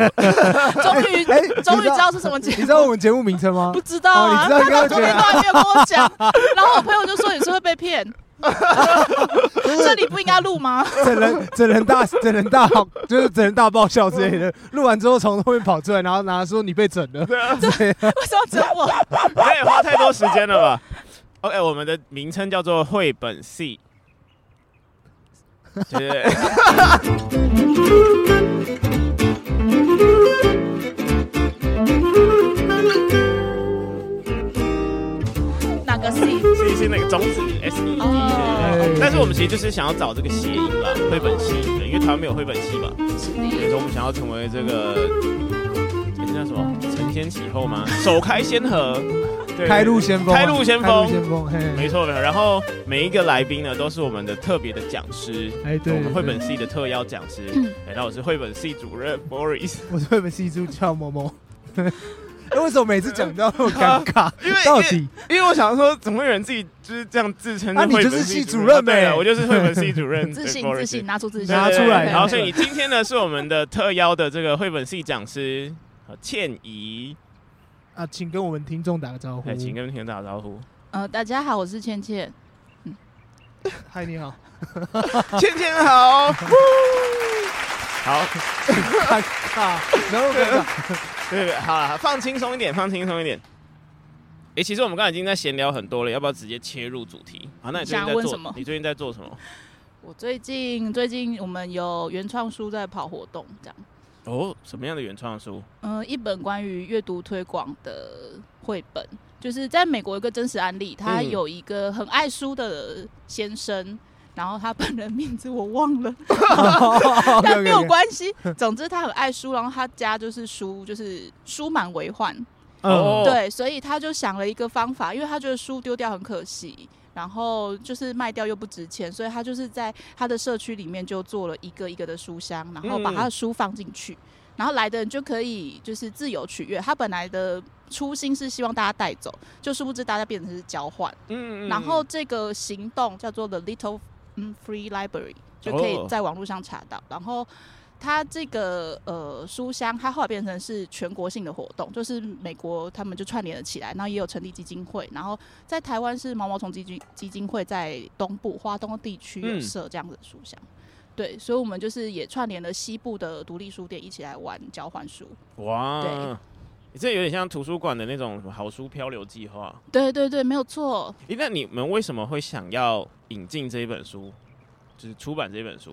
終於終於知道是什麼節目？你知道我們節目名稱嗎？不知道啊，他到昨天都還沒有跟我講。然後我朋友就說，你是會被騙，這裡不應該錄嗎？整人整人大整人大就是整人大爆笑之類的。錄完之後從後面跑出來，然後拿說你被整了。對，為什麼整我？你也花太多時間了吧？OK，我們的名稱叫做繪本系。對。那個是 是是那個種子 S E D 的。T, 是是，但是我們其實就是想要找這個諧音啦，繪本系的，因為它沒有繪本系嘛。所以說我們想要成為這個，欸、是是叫什麼？承先啟後嗎？首開先河？ 開路先鋒，開路先鋒，沒錯的。然後每一個來賓呢，都是我們的特別的講師，哎，對，繪本系的特邀講師。然後我是繪本系主任 Boris，我是繪本系主任某某。對，為什麼每次講到那麼尷尬？因為到底，因為我想說，怎麼會有人自己就是這樣自稱？那你就是系主任唄，我就是繪本系主任，自信，自信，拿出自信，拿出來。然後，所以你今天呢，是我們的特邀的這個繪本系講師，倩宜。啊，請跟我們聽眾打個招呼。哎、欸，請跟聽眾打個招呼。呃，大家好，我是倩倩。嗨、嗯，Hi, 你好，倩倩 好。 好，好 ，好，嗯，好了，放輕鬆一點，放輕鬆一點。哎、欸，其實我們剛才已經在閒聊很多了，要不要直接切入主題？好、啊、那你最近在做,想問什麼？你最近在做什麼？你最近在做什麼？我最近，最近我們有原創書在跑活動，這樣。哦，什麼樣的原創書？嗯，一本關於閱讀推廣的繪本，就是在美國一個真實案例。他有一個很愛書的先生，嗯、然後他本人名字我忘了， 但沒有關係。總之他很愛書，然後他家就是書，就是書滿為患。哦、嗯，對，所以他就想了一個方法，因為他覺得書丟掉很可惜。然後就是賣掉又不值錢，所以他就是在他的社區裡面就做了一個一個的書箱，然後把他的書放進去，嗯、然後來的人就可以就是自由取閱。他本來的初心是希望大家帶走，就殊不知大家變成是交換。嗯，然後這個行動叫做 The Little Free Library，就可以在網絡上查到。哦、然後。它這個呃書箱，它後來變成是全國性的活動，就是美國他們就串聯了起來，然後也有成立基金會，然後在台灣是毛毛蟲基金基金會在東部、華東地區有設這樣子的書箱。嗯、對，所以我們就是也串聯了西部的獨立書店一起來玩交換書。哇，對這有點像圖書館的那種好書漂流計劃。對對對，沒有錯、欸。那你們為什麼會想要引進這一本書，就是出版這一本書？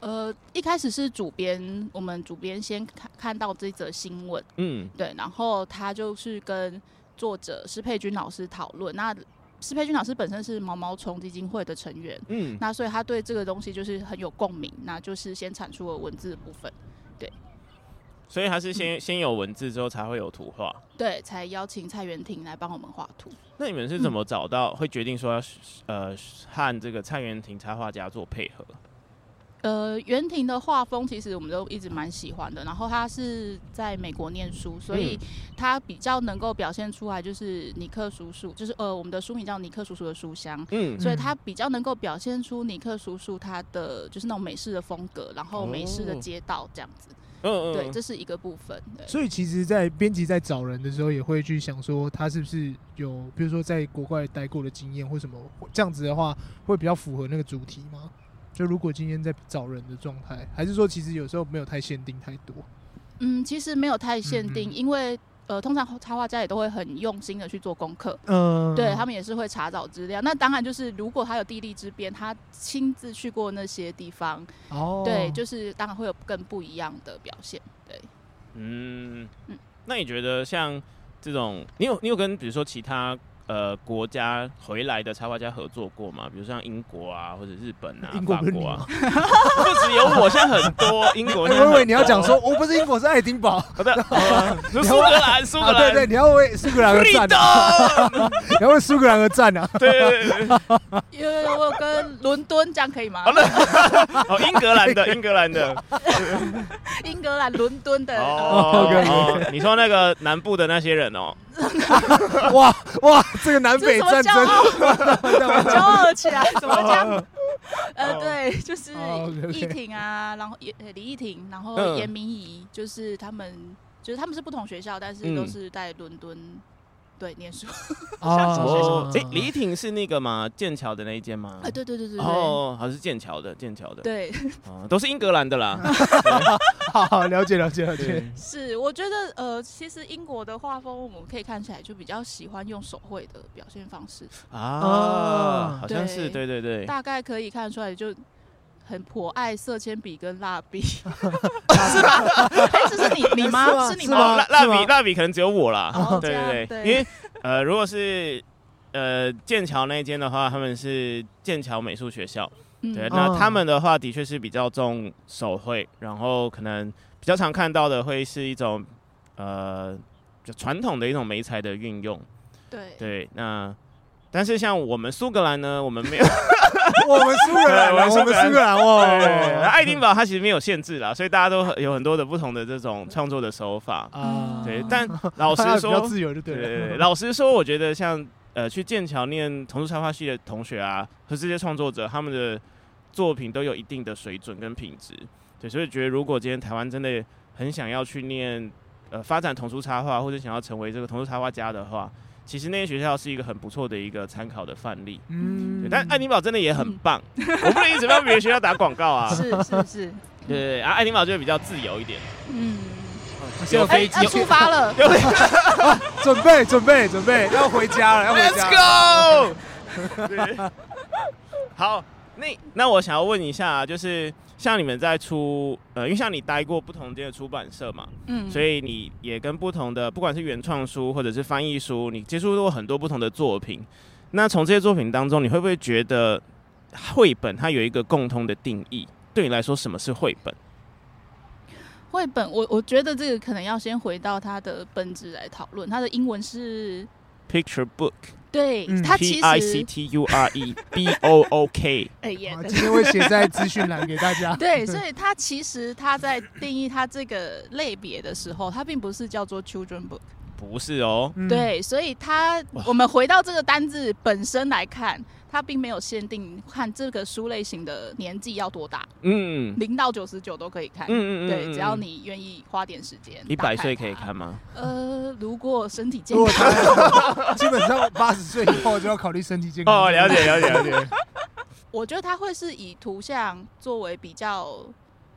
呃，一開始是主編，我們主編先看看到這則新聞，嗯，對，然後他就是跟作者施佩君老師討論。那施佩君老師本身是毛毛蟲基金會的成員，嗯，那所以他對這個東西就是很有共鳴，那就是先產出了文字的部分，對。所以他是先、嗯、先有文字之後才會有圖畫，對，才邀請蔡元廷來幫我們畫圖。那你們是怎麼找到、嗯、會決定說要，呃，和這個蔡元廷插畫家做配合？呃，袁婷的畫風其實我們都一直蠻喜歡的。然後他是在美國念書，所以他比較能夠表現出來就是尼克叔叔，就是呃我們的書名叫尼克叔叔的書香。嗯，所以他比較能夠表現出尼克叔叔他的就是那種美式的風格，然後美式的街道這樣子。嗯嗯、哦。對，這是一個部分。對所以其實，在編輯在找人的時候，也會去想說他是不是有，比如說在國外待過的經驗或什麼，這樣子的話會比較符合那個主題嗎？就如果今天在找人的狀態，還是說其實有時候沒有太限定太多？嗯，其實沒有太限定，嗯嗯，因為呃，通常插畫家也都會很用心的去做功課，嗯，對，他們也是會查找資料。那當然就是如果他有地利之便，他親自去過那些地方，哦，對，就是當然會有更不一樣的表現。對，嗯嗯，嗯，那你覺得像這種，你有你有跟比如說其他？呃，國家回來的插畫家合作過嗎？比如像英國啊，或者日本啊、法國啊，不只有我，現在很多英國。我以為你要講說，我不是英國，是愛丁堡。好的，好吧。蘇格蘭，蘇格蘭。對對，你要為蘇格蘭而戰。你要為蘇格蘭而戰啊！對對對對對。有有跟倫敦這樣可以嗎？好的。哦，英格蘭的，英格蘭的，英格蘭倫敦的。哦，你說那個南部的那些人哦。 哇哇，這個南北戰爭，驕傲， 傲起來， 怎麼講？哦、呃，哦、對，就是易婷啊，哦、然後也李易婷，哦、然後嚴明儀，嗯、就是他們，就是他們是不同學校，但是都是在倫敦。對，念書哦，哎，李婷，是那個嗎？劍橋的那一間嗎？啊，對對對對對，哦，好像是劍橋的，劍橋的，對，都是英格蘭的啦。好，好，了解了解了解。是，我覺得呃，其實英國的畫風，我們可以看起來就比較喜歡用手繪的表現方式啊，好像是對對對，大概可以看出來就。很頗愛色鉛筆跟蠟筆，是吧？哎，這是你你媽，是你媽蠟筆蠟筆可能只有我啦。對對對，因為呃，如果是呃劍橋那一間的話，他們是劍橋美術學校，對，那他們的話，的確是比較重手繪，然後可能比較常看到的會是一種呃就傳統的一種媒材的運用，對對，那。但是像我們蘇格蘭呢，我們沒有，我們蘇格蘭，我們蘇格蘭哦，愛丁堡它其實沒有限制啦，所以大家都有很多的不同的這種創作的手法對，但老實說，對，對老實說，我覺得像呃，去劍橋念童書插畫系的同學啊，和這些創作者，他們的作品都有一定的水準跟品質。對，所以覺得如果今天台灣真的很想要去念呃，發展童書插畫，或者想要成為這個童書插畫家的話，其實那些學校是一個很不錯的一個參考的範例，嗯，但愛丁堡真的也很棒，嗯、我不能一直幫別人學校打廣告啊，是是是，是是對，對，對啊，愛丁堡就會比較自由一點，嗯，坐飛機出發了，有 啊、準備準備準備要回家了，要回家 Let's go， 好，那那我想要問一下、啊、就是。像你們在出，呃，因為像你待過不同間的出版社嘛，嗯，所以你也跟不同的，不管是原創書或者是翻譯書，你接觸過很多不同的作品。那從這些作品當中，你會不會覺得繪本它有一個共通的定義？對你來說，什麼是繪本？繪本，我我覺得這個可能要先回到它的本質來討論。它的英文是 picture book。對，它、嗯、其實是 P I C T U R E B O O K，、啊、今天會寫在資訊欄給大家。 對，所以它其實它在定義它這個類別的時候，它並不是叫做 children book，不是哦。對，所以它我們回到這個單字本身來看。他並沒有限定看這個書類型的年紀要多大，嗯，零到九十九都可以看，嗯嗯，對，嗯，只要你願意花點時間。一百歲可以看嗎？呃，如果身體健康，哦啊、 基本上八十歲以後就要考慮身體健康。 哦，了解了解了解。 我覺得他會是以圖像作為比較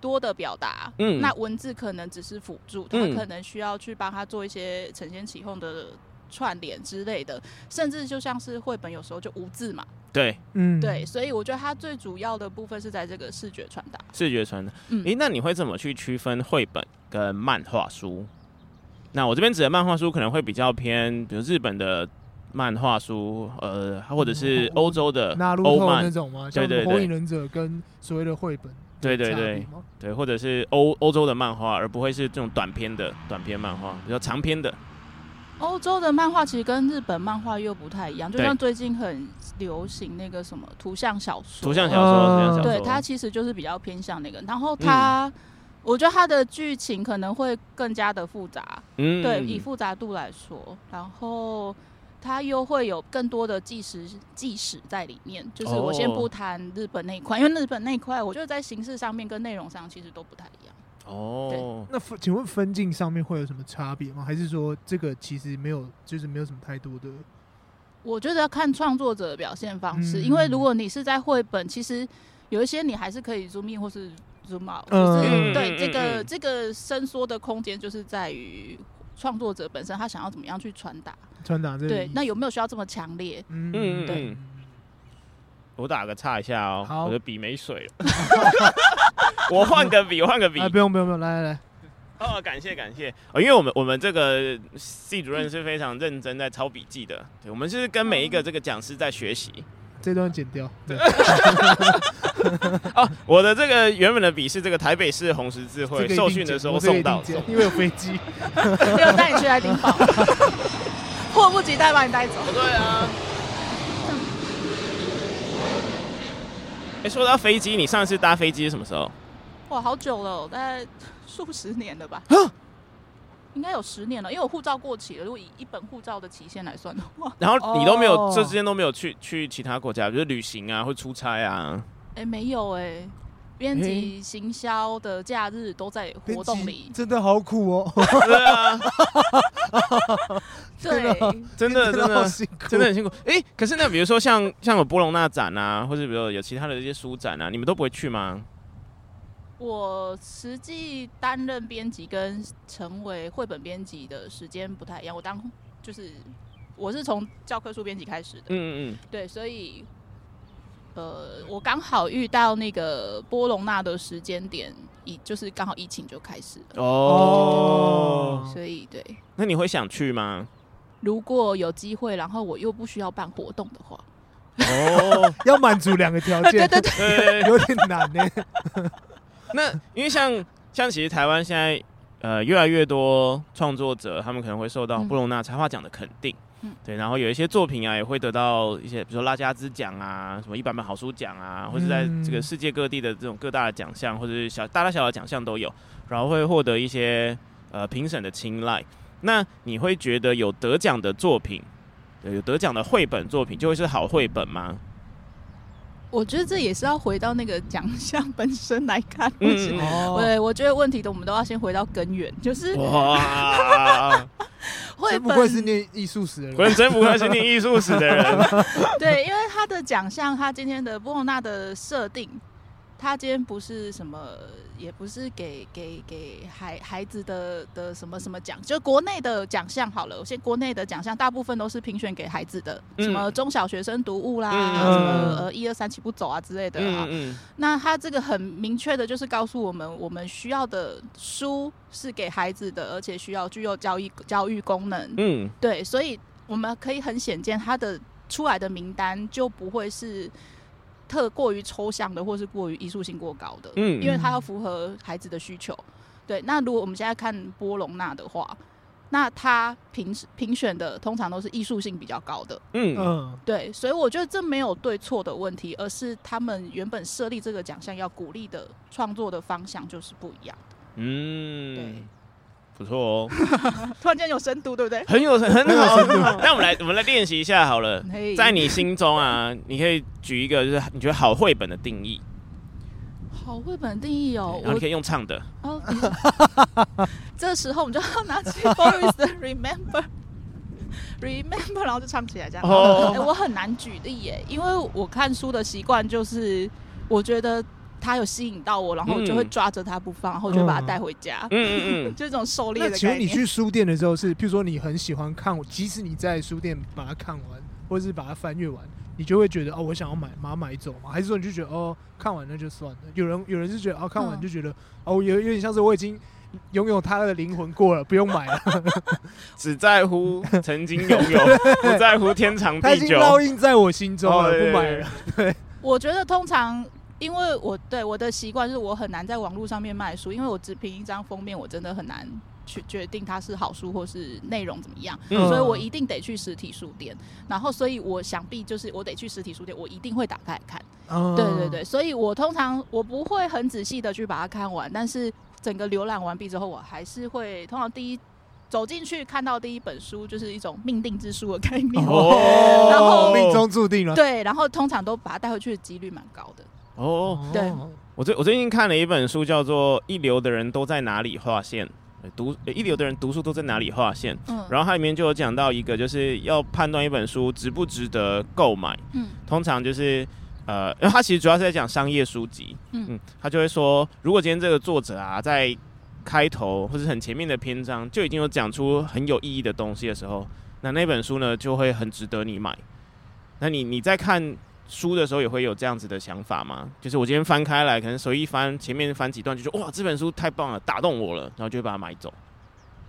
多的表達，嗯，那文字可能只是輔助，他可能需要去幫他做一些承先啟後的串聯之類的，甚至就像是繪本，有時候就無字嘛。對，嗯，對，所以我覺得它最主要的部分是在這個視覺傳達。視覺傳達，哎、嗯欸，那你會怎麼去區分繪本跟漫畫書？那我這邊指的漫畫書可能會比較偏，比如日本的漫畫書，呃，或者是歐洲的歐漫、嗯、那種嗎？對對對，火影忍者跟所謂的繪本的，對，對對對，對，或者是歐歐洲的漫畫，而不會是這種短篇的短篇漫畫，比較長篇的。歐洲的漫畫其實跟日本漫畫又不太一樣，就像最近很流行那個什麼圖像小說。圖像小說，對，它其實就是比較偏向那個。然後它，嗯、我覺得它的劇情可能會更加的複雜。嗯，對，以複雜度來說，然後它又會有更多的紀實、紀實在裡面。就是我先不談日本那一塊，因為日本那一塊，我覺得在形式上面跟內容上其實都不太一樣。哦、oh.，那請問分鏡上面會有什麼差別嗎？還是說這個其實沒有，就是沒有什麼太多的？我覺得要看創作者的表現方式，嗯、因為如果你是在繪本，其實有一些你還是可以 zoom in 或是 zoom out，、嗯、是對，這個這個伸縮的空間，就是在於創作者本身他想要怎麼樣去傳達傳達。這對，那有沒有需要這麼強烈？嗯嗯，嗯對我打個岔一下哦、喔，好我的筆沒水了。 我換個筆，換個筆。不用不用不用，來來來。哦，感謝感謝。哦，因為我們我們這個 C 主任是非常認真在抄筆記的。對，我們就是跟每一個這個講師在學習。嗯嗯嗯。這段剪掉。對。哦，我的這個原本的筆是這個台北市紅十字會受訓的時候送到的。 因為有飛機。要 帶 你去愛丁堡。 迫不及待把你帶走。對啊。哎，欸，說到飛機，你上一次搭飛機是什麼時候？哇，好久了，大概數十年了吧？應該有十年了，因為我護照過期了。如果以一本護照的期限來算的話，然後你都沒有、哦、這之間都沒有去去其他國家，比如旅行啊，或出差啊？哎、欸，沒有哎、欸，編輯行銷的假日都在活動裡，欸啊啊啊真的啊、真的好苦哦！對啊，對，真的真的辛苦，真的很辛苦。哎、欸，可是那比如說像像有波隆那展啊，或者比如有其他的這些書展啊，你們都不會去嗎？我實際擔任編輯跟成為繪本編輯的時間不太一樣。我當就是我是從教科書編輯開始的，嗯嗯對，所以，呃，我剛好遇到那個波隆納的時間點，也就是剛好疫情就開始了哦，所以對。那你會想去嗎？如果有機會，然後我又不需要辦活動的話，哦， 要滿足兩個條件， 對對對， 有點難呢、欸。 那因為像像其實台灣現在，呃，越來越多創作者，他們可能會受到布隆納插畫獎的肯定，嗯、對，然後有一些作品啊，也會得到一些，比如說拉加茲獎啊，什麼一百本好書獎啊，或是在這個世界各地的這種各大獎項，或者小大大小小的獎項都有，然後會獲得一些呃評審的青睞。那你會覺得有得獎的作品，有得獎的繪本作品就會是好繪本嗎？我覺得這也是要回到那個獎項本身來看問題。對，我覺得問題的我們都要先回到根源，就是。真不愧是念藝術史的人，真不愧是念藝術史的人。 對，因為他的獎項，他今天的波隆那的設定。他今天不是什麼，也不是給給給孩孩子的的什麼什麼獎，就國內的獎項好了。我先國內的獎項，大部分都是評選給孩子的，嗯、什麼中小學生讀物啦，嗯、什麼、嗯、呃一二三起步走啊之類的哈、啊，嗯嗯、那他這個很明確的就是告訴我們，我們需要的書是給孩子的，而且需要具有教育教育功能。嗯，對，所以我們可以很顯見，他的出來的名單就不會是。特過於抽象的，或是過於藝術性過高的，嗯，因為它要符合孩子的需求，對。那如果我們現在看波隆納的話，那他評評選的通常都是藝術性比較高的，嗯，對。所以我覺得這沒有對錯的問題，而是他們原本設立這個獎項要鼓勵的創作的方向就是不一樣，嗯，對。不錯哦， 突然間有深度，對不對？很有很好，那 我們來我們來練習一下好了。在你心中啊，你可以舉一個，就是你覺得好繪本的定義。好繪本的定義哦，然後你可以用唱的。哦，哎、 這時候我們就要拿起《Forest Remember》 ，Remember，然後就唱不起來這樣。哦、oh 欸。我很難舉例耶，因為我看書的習慣就是，我覺得。他有吸引到我，然後我就會抓着他不放，嗯、然後我就把他帶回家。嗯嗯， 就這種狩獵的感覺。其實你去書店的時候是，譬如說你很喜歡看，即使你在書店把它看完，或者是把它翻閱完，你就會覺得哦，我想要買，馬上買走嗎？還是說你就覺得哦，看完了就算了。有人有人就覺得哦，看完就覺得、嗯、哦，有有點像是我已經擁有他的靈魂過了，不用買了。 只在乎曾經擁有， 對不在乎天長地久。它已經烙印在我心中了，哦、對對對對不買了。對，我覺得通常。因為我對我的習慣是我很難在網絡上面賣書，因為我只憑一張封面，我真的很難去決定它是好書或是內容怎麼樣，嗯、所以我一定得去實體書店。然後，所以我想必就是我得去實體書店，我一定會打開來看。嗯、對對對，所以我通常我不會很仔細的去把它看完，但是整個瀏覽完畢之後，我還是會通常第一走進去看到第一本書，就是一種命定之書的概念，哦、對，然後命中注定了。對，然後通常都把它帶回去的幾率蠻高的。哦，oh, 對，我最我最近看了一本書，叫做《一流的人都在哪裡劃線》，讀一流的人讀書都在哪裡劃線。嗯，然後它裡面就有講到一個，就是要判斷一本書值不值得購買。嗯，通常就是呃，因為他其實主要是在講商業書籍。嗯，他就會說，如果今天這個作者啊，在開頭或者很前面的篇章就已經有講出很有意義的東西的時候，那那本書呢就會很值得你買。那你你再看。書的時候也會有這樣子的想法嗎？就是我今天翻開來，可能手一翻，前面翻幾段，就說哇，這本書太棒了，打動我了，然後就會把它買走。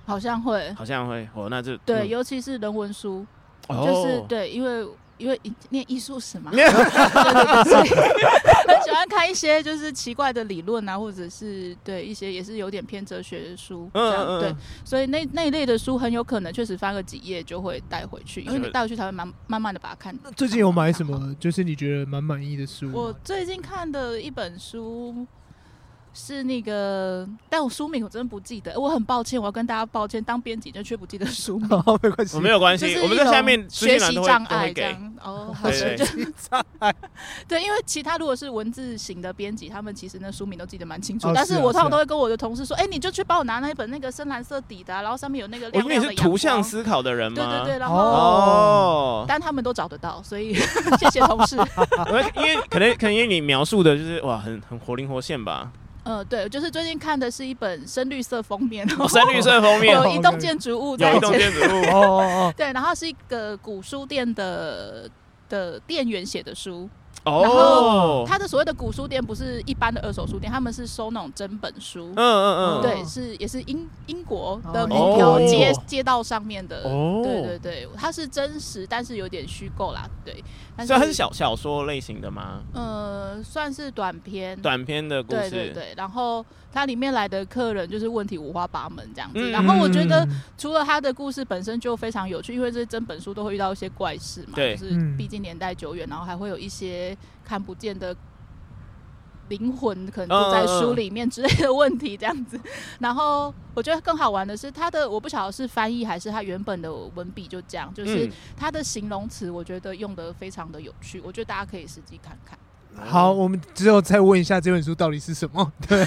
好像會，好像會，哦。那就對，嗯、尤其是人文書，哦、就是對，因為。因為念藝術史嘛， 對對對，很喜歡看一些就是奇怪的理論啊，或者是對一些也是有點偏哲學的書，嗯，對，所以那那一類的書很有可能確實翻個幾頁就會帶回去，因為你帶回去才會慢慢慢慢的把它看。 最近有買什麼？就是你覺得蠻滿意的書？我最近看的一本書。是那個，但我書名我真的不記得，我很抱歉，我要跟大家抱歉，當編輯就卻不記得書名，哦、沒關係，我沒有關係，我們在下面學習障礙這樣哦，學習障礙，對，對，對， 對，因為其他如果是文字型的編輯，他們其實那書名都記得蠻清楚，但是我通常都會跟我的同事說，哎、欸，你就去幫我拿那一本那個深藍色底的、啊，然後上面有那個亮亮的，我因為是圖像思考的人嘛，對對對，然後、哦、但他們都找得到，所以 謝謝同事，因為因為可能可能因為你描述的就是哇，很很活靈活現吧。呃、嗯，對，就是最近看的是一本深綠色封面，哦哦、深綠色封面、哦、有一棟建築物，有一棟建築物哦， 對，然後是一個古書店的的店員寫的書。哦，它的所謂的古書店不是一般的二手書店，他們是收那種真本書。嗯嗯嗯，嗯嗯對，是也是英英國的某條街、哦、街道上面的。哦，對對對，它是真實，但是有點虛構啦，對。但是所以它是小小說類型的嗎？呃，算是短篇，短篇的故事。對對對，然後。它裡面來的客人就是問題五花八門這樣子，然後我覺得除了他的故事本身就非常有趣，因為這整本書都會遇到一些怪事嘛，就是畢竟年代久遠，然後還會有一些看不見的靈魂可能就在書裡面之類的問題這樣子。然後我覺得更好玩的是，他的我不曉得是翻譯還是他原本的文筆就這樣，就是他的形容詞我覺得用得非常的有趣，我覺得大家可以實際看看。好，我們之後再問一下這本書到底是什麼。對，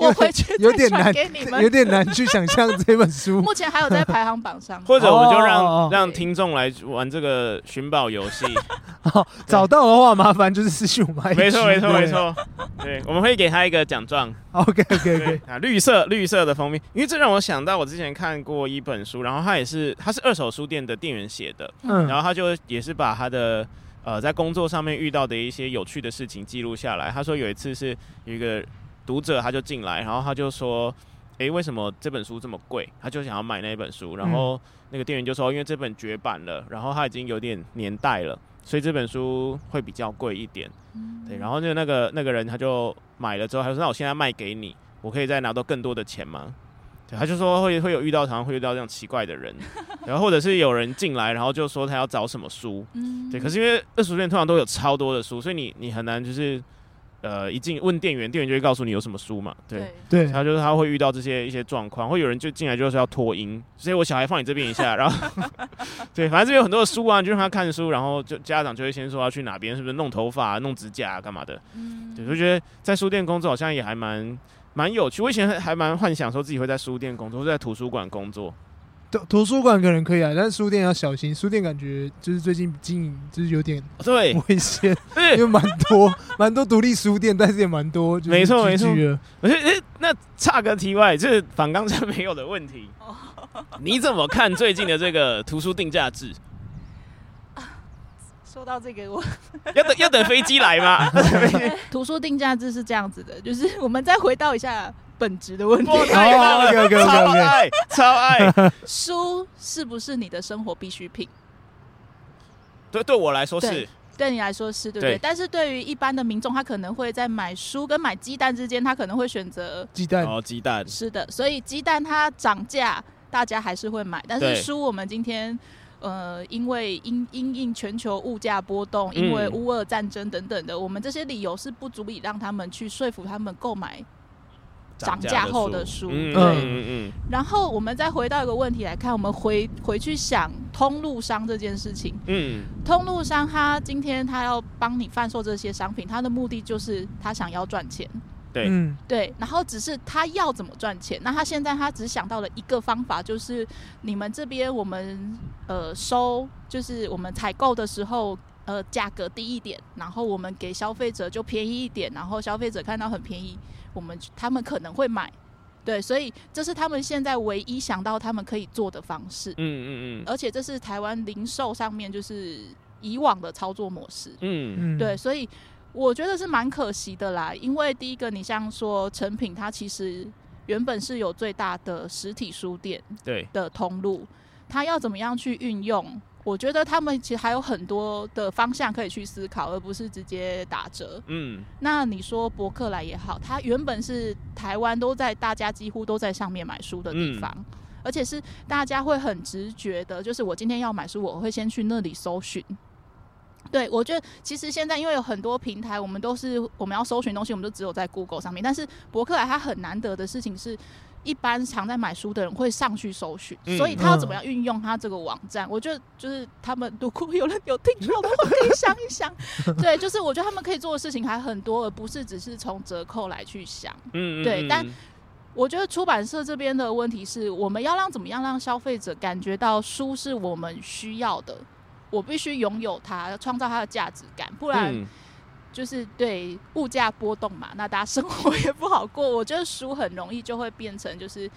我回去有點難給你們，有點難去想象這本書。 目前還有在排行榜上。或者我們就讓、oh, 讓聽眾來玩這個尋寶遊戲，對 找到的話麻煩就是私訊我吧。沒錯沒錯沒錯，對, 對，我們會給他一個獎狀。OK OK OK，啊，綠色綠色的封面，因為這讓我想到我之前看過一本書，然後他也是他是二手書店的店員寫的，嗯，然後他就也是把他的。呃，在工作上面遇到的一些有趣的事情記錄下來。他說有一次是有一個讀者他就進來，然後他就說：“欸，為什麼這本書這麼貴？”他就想要買那本書，然後那個店員就說：“因為這本絕版了，然後它已經有點年代了，所以這本書會比較貴一點。”對，然後就那個那個人他就買了之後，他說：“那我現在賣給你，我可以再拿到更多的錢嗎？”他就說，會會有遇到，常常會遇到這樣奇怪的人，然後或者是有人進來，然後就說他要找什麼書，嗯、對。可是因為二手書店通常都有超多的書，所以你你很難就是呃一進問店員，店員就會告訴你有什麼書嘛，對對。然後就是他會遇到這些一些狀況，或者有人就進來就是要脫音。所以我小孩放你這邊一下，然後、嗯、 對，反正就有很多的書啊，就讓他看書，然後就家長就會先說要去哪邊，是不是弄頭髮、啊、弄指甲、啊、幹嘛的？對、嗯，對，就覺得在書店工作好像也還蠻蠻有趣，我以前還蠻幻想說自己會在書店工作，或者在圖書館工作。圖書館可能可以啊，但是書店要小心，書店感覺就是最近經營就是有點危對危險，因為蠻多蠻 多獨立書店，但是也蠻多、就是、G G 沒錯沒錯、欸、那岔個題外，就是反剛才沒有的問題。你怎麼看最近的這個圖書定價制？到這個我 要等要等飛機來嘛？ 圖書定價制是這樣子的，就是我們再回到一下本質的問題。Oh, okay, okay, okay, okay. 超愛超愛 書是不是你的生活必需品？對，對我來說是。對，對你來說是對不對？對，但是對於一般的民眾，他可能會在買書跟買雞蛋之間，他可能會選擇雞蛋哦，雞蛋，oh，雞蛋是的。所以雞蛋它漲價，大家還是會買，但是書我們今天。呃，因為因因應全球物價波動，因為烏俄戰爭等等的，嗯、我們這些理由是不足以讓他們去說服他們購買漲價後的書。對。嗯。然後我們再回到一個問題來看，我們回回去想通路商這件事情。嗯，通路商他今天他要幫你販售這些商品，他的目的就是他想要賺錢。對，嗯、對，然後只是他要怎麼賺錢？那他現在他只想到了一個方法，就是你們這邊我們呃收，就是我們採購的時候呃價格低一點，然後我們給消費者就便宜一點，然後消費者看到很便宜，我們他們可能會買。對，所以這是他們現在唯一想到他們可以做的方式。嗯嗯嗯。而且這是台灣零售上面就是以往的操作模式。嗯嗯。對，所以。我覺得是蠻可惜的啦，因為第一個，你像說誠品，它其實原本是有最大的實體書店的通路，它對要怎麼樣去運用？我覺得他們其實還有很多的方向可以去思考，而不是直接打折。嗯，那你說博客來也好，它原本是台灣都在大家幾乎都在上面買書的地方，嗯、而且是大家會很直覺的，就是我今天要買書，我會先去那裡搜尋。對，我覺得其實現在因為有很多平台，我們都是我們要搜尋東西，我們就只有在 Google 上面。但是博客來它很難得的事情是，一般常在買書的人會上去搜尋，嗯、所以他要怎麼樣運用他這個網站？嗯、我覺得就是他們如果有人有聽錯的話，可以想一想。 對，就是我覺得他們可以做的事情還很多，而不是只是從折扣來去想。嗯，嗯，嗯，對。但我覺得出版社這邊的問題是，我們要讓怎麼樣讓消費者感覺到書是我們需要的。我必須擁有它，創造它的價值感，不然就是對物價波動嘛，那大家生活也不好過。我覺得書很容易就會變成就是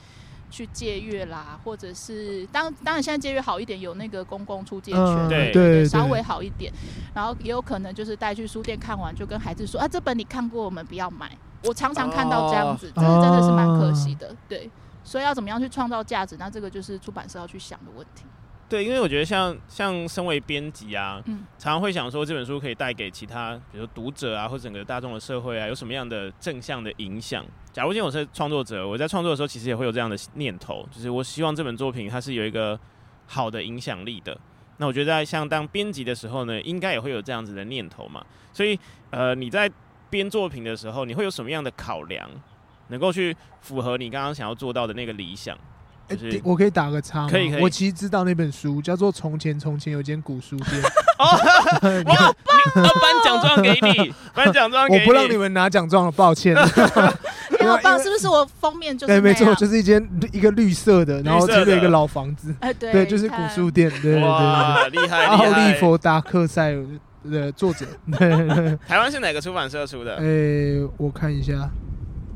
去借閱啦，或者是當當然現在借閱好一點，有那個公共出借權，嗯、對對對，對，稍微好一點。然後也有可能就是帶去書店看完，就跟孩子說，啊，這本你看過，我們不要買。我常常看到這樣子，這、哦、真的真的是蠻可惜的。哦、對，所以要怎麼樣去創造價值，那這個就是出版社要去想的問題。對，因為我覺得像像身為編輯啊，嗯，常常會想說，這本書可以帶給其他，比如讀者啊，或整個大眾的社會啊，有什麼樣的正向的影響。假如今天我是創作者，我在創作的時候其實也會有這樣的念頭，就是我希望這本作品它是有一個好的影響力的。那我覺得在像當編輯的時候呢，應該也會有這樣子的念頭嘛。所以，呃，你在編作品的時候，你會有什麼樣的考量，能夠去符合你剛剛想要做到的那個理想？我可以打個叉嗎？可以可以。我其實知道那本書叫做《從前從前有間古書店》。哦，我頒我頒獎狀給你，頒獎狀。我不讓你們拿獎狀了，抱歉。你好棒，是不是？我封面就，哎，沒錯，就是一間一個綠色的，然後後面一個老房子，對，就是古書店。對對對，厲害！奧利弗·達克賽的作者，台灣是哪個出版社出的？哎，我看一下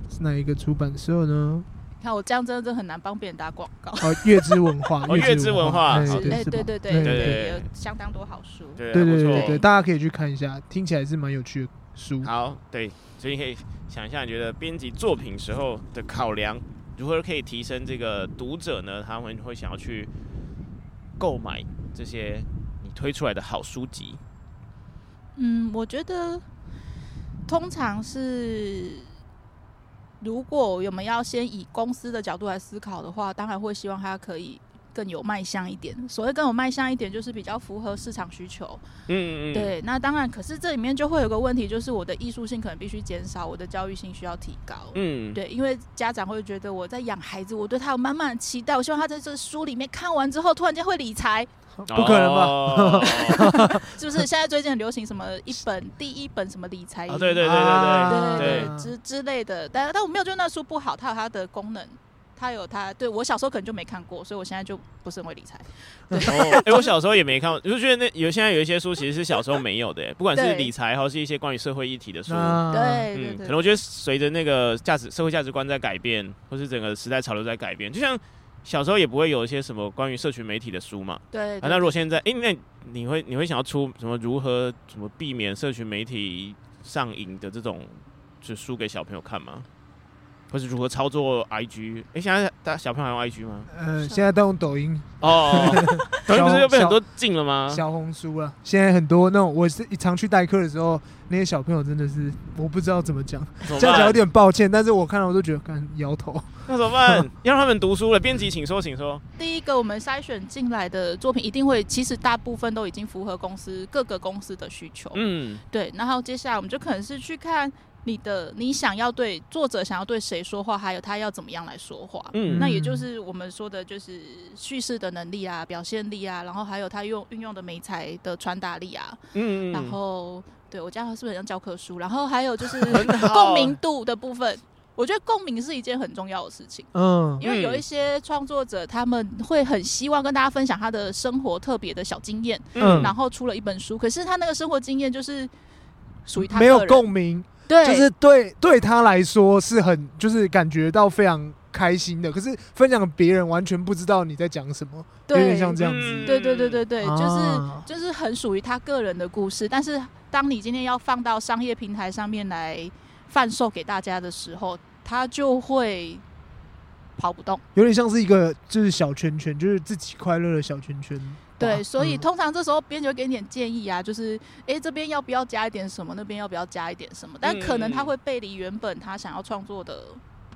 是哪一個出版社呢？你看我這樣真的真的很難幫別人打廣告。哦，悅知文化， 文化哦，悅知文化，哎，是哦、對對對對對對，也有相當多好書。對，對對對對，大家可以去看一下，聽起來是蠻有趣的書。好，對，所以你可以想一下你覺得編輯作品時候的考量，如何可以提升這個讀者呢？他們會想要去購買這些你推出來的好書籍。嗯，我覺得通常是。如果我們要先以公司的角度來思考的話，當然會希望他可以更有賣相一點。所謂更有賣相一點，就是比較符合市場需求。嗯嗯嗯。對，那當然，可是這裡面就會有個問題，就是我的藝術性可能必須減少，我的教育性需要提高。嗯嗯，對，因為家長會覺得我在養孩子，我對他有滿滿的期待，我希望他在這書裡面看完之後，突然間會理財。不可能吧？是不是現在最近很流行什麼一本第一本什麼理財？啊，對對對對對對之之類的。但但我沒有，覺得那書不好，它有它的功能，它有它。對我小時候可能就沒看過，所以我現在就不是很會理財。哎，oh, 欸、我小時候也沒看，就覺得那有現在有一些書其實是小時候沒有的，欸，不管是理財，還是一些關於社會議題的書。對，啊、嗯，可能我覺得隨着那個價值、社會價值觀在改變，或是整個時代潮流在改變，就像。小時候也不會有一些什麼關於社群媒體的書嘛？對，對，對、啊。那如果現在，因、欸、為你會你會想要出什麼如何怎麼避免社群媒體上癮的這種，就是書給小朋友看嗎？或是如何操作 IG？哎、欸，現在大小朋友還用 IG 嗎？呃，現在都用抖音哦，哦，呵呵，抖音不是又被很多禁了嗎？小、小、小紅書啊，現在很多那種，我是一常去代課的時候，那些小朋友真的是我不知道怎麼講，這樣講有點抱歉，但是我看到我都覺得，很搖頭，那怎麼辦？嗯、要讓他們讀書了。編輯，請說，請說。第一個，我們篩選進來的作品一定會，其實大部分都已經符合公司各個公司的需求。嗯，對。然後接下來我們就可能是去看。你的，你想要對作者想要對誰說話，還有他要怎麼樣來說話？嗯嗯，那也就是我們說的，就是敘事的能力啊，表現力啊，然後還有他用運用的媒材的傳達力啊，嗯，嗯，然後對我家他是不是很像教科書？然後還有就是好 共鳴度的部分，我覺得共鳴是一件很重要的事情。嗯，因為有一些創作者他們會很希望跟大家分享他的生活特別的小經驗，嗯，然後出了一本書，可是他那個生活經驗就是屬於他個人、嗯、沒有共鳴。對就是對，對他來說是很就是感覺到非常開心的，可是分享別人完全不知道你在講什麼，對有點像這樣子。嗯、對對對對對，啊、就是就是很屬於他個人的故事，但是當你今天要放到商業平台上面來販售給大家的時候，他就會跑不動。有點像是一個就是小圈圈，就是自己快樂的小圈圈。對，所以通常這時候編輯會給你點建議啊，嗯、就是哎、欸、這邊要不要加一點什麼，那邊要不要加一點什麼，但可能他會背離原本他想要創作的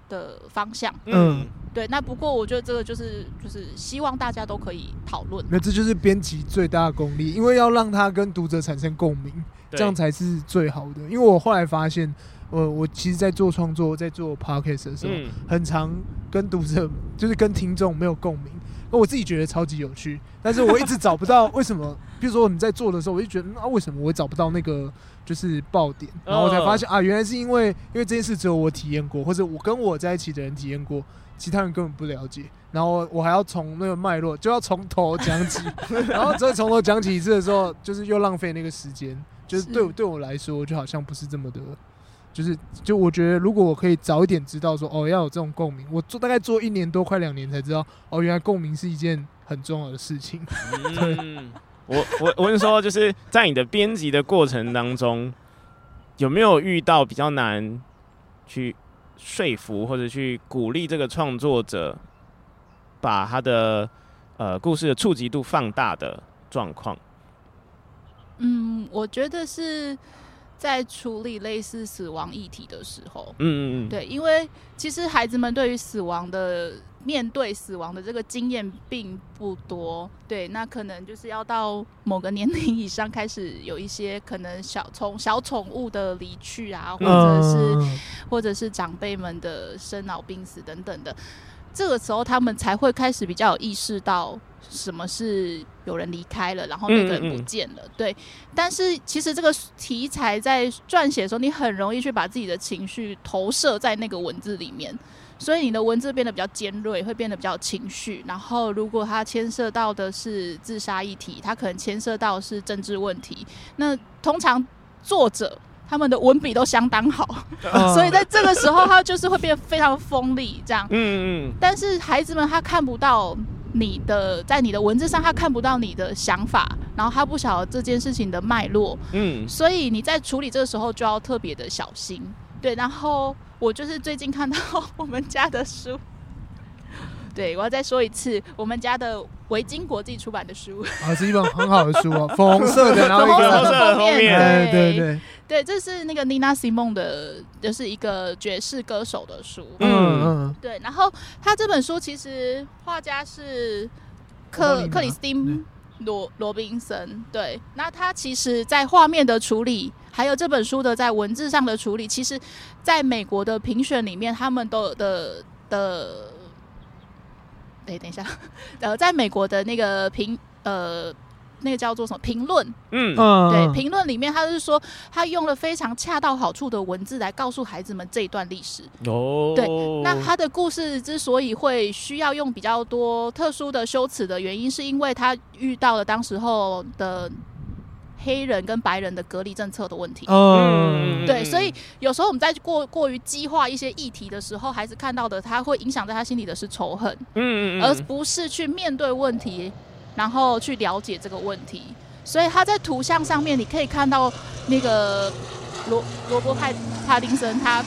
的方向。嗯，對。那不過我覺得這個就是就是希望大家都可以討論。那這就是編輯最大的功力，因為要讓他跟讀者產生共鳴，這樣才是最好的。對因為我後來發現，呃，我其實在做創作、在做 podcast 的時候，嗯、很常跟讀者就是跟聽眾沒有共鳴。我自己覺得超級有趣，但是我一直找不到為什麼。比 如說我們在做的時候，我就覺得那、嗯啊、為什麼我找不到那個就是爆點？然後我才發現啊，原來是因為因為這件事只有我體驗過，或者我跟我在一起的人體驗過，其他人根本不了解。然後我還要從那個脈絡，就要從頭講起， 然後再從頭講起一次的時候，就是又浪費那個時間，就是對，是對我來說就好像不是這麼的。就是，就我覺得，如果我可以早一點知道說，哦，要有這種共鳴，我做大概做一年多，快兩年才知道，哦，原來共鳴是一件很重要的事情。嗯，對我我我跟你說，就是在你的編輯的過程當中，有沒有遇到比較難去說服或者去鼓勵這個創作者，把他的呃故事的觸及度放大的狀況？嗯，我覺得是。在處理類似死亡議題的時候，嗯嗯嗯，對，因為其實孩子們對於死亡的面對死亡的這個經驗並不多，對，那可能就是要到某個年齡以上開始有一些可能小寵小寵物的離去啊，或者是、呃、或者是長輩們的生老病死等等的。這個時候，他們才會開始比較有意識到什麼是有人離開了，然後那個人不見了。嗯嗯、對，但是其實這個題材在撰寫的時候，你很容易去把自己的情緒投射在那個文字裡面，所以你的文字變得比較尖銳，會變得比較情緒。然後，如果它牽涉到的是自殺議題，它可能牽涉到是政治問題，那通常作者。他們的文筆都相當好，oh. 所以在這個時候，他就是會變得非常鋒利，這樣。嗯嗯。但是孩子們他看不到你的在你的文字上，他看不到你的想法，然後他不曉得這件事情的脈絡。嗯。Oh. 所以你在處理這個時候就要特別的小心。對，然後我就是最近看到我們家的書。對，我要再說一次，我們家的維京國際出版的書啊，哦，是一本很好的書啊，哦， 粉紅色的，然後一個封面對，對對對，對，這是那個 Nina Simone 的，就是一個爵士歌手的書，嗯嗯，對，然後他這本書其實畫家是克、嗯、克里斯汀羅羅賓森，對，那他其實在畫面的處理，還有這本書的在文字上的處理，其實在美國的評選裡面，他們都有的的。欸、等一下，呃，在美國的那個評，呃，那個叫做什麼評論，嗯，對，評論、啊、裡面，他是說他用了非常恰到好處的文字來告訴孩子們這一段歷史。哦，對，那他的故事之所以會需要用比較多特殊的修辭的原因，是因為他遇到了當時候的。黑人跟白人的隔離政策的問題。嗯，對，所以有時候我們在過過於激化一些議題的時候，孩子看到的他會影響在他心裡的是仇恨，嗯，嗯，而不是去面對問題，然後去了解這個問題。所以他在圖像上面，你可以看到那個羅羅伯派帕丁森他，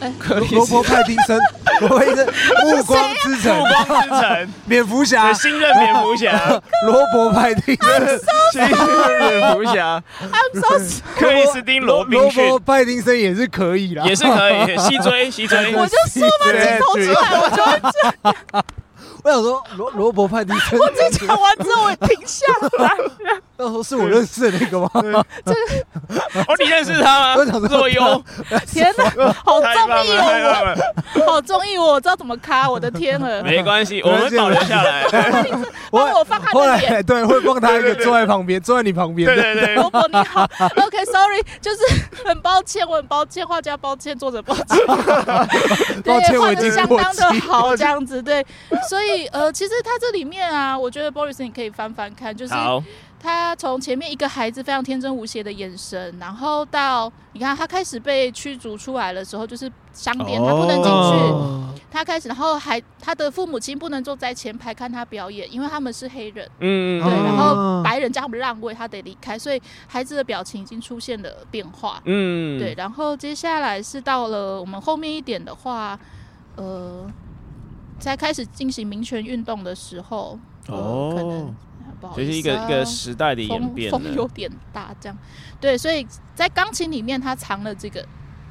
羅伯·派丁森，羅賓森，暮光之城，暮光之城，蝙蝠俠，新任蝙蝠俠，羅伯·派丁森，新任蝙蝠俠，I'm so can，克里斯汀，羅伯·派丁森也是可以啦，也是可以，細追，細追，我就縮把鏡頭出來，我就追。我想說羅羅伯派迪，我講完之後也停下來。要是我認識的那個嗎？哦，你認識他嗎？我想天哪，好中意哦，我好中意我知道怎麼卡，我的天啊，沒關係，我們保留下來。我放他的臉，對，會放他一個，坐在旁邊，坐在你旁邊，對，羅伯你好，OK，Sorry，就是很抱歉，我很抱歉，畫家抱歉，作者抱歉，對，也畫得相當的好這樣子，對，所以。呃，其實他這裡面啊，我覺得鮑 o r 你可以翻翻看，就是他從前面一個孩子非常天真無邪的眼神，然後到你看他開始被驅逐出來的時候，就是商店、oh. 他不能進去，他開始，然後還他的父母親不能坐在前排看他表演，因為他們是黑人，嗯，oh. 對，然後白人家不讓位，他得離開，所以孩子的表情已經出現了變化，嗯，oh. 對，然後接下來是到了我們後面一點的話，呃。在開始進行民權運動的時候，哦，可能不好意思啊，就是一個一個時代的演變，風，風有點大，這樣。對。所以在鋼琴裡面，它藏了這個，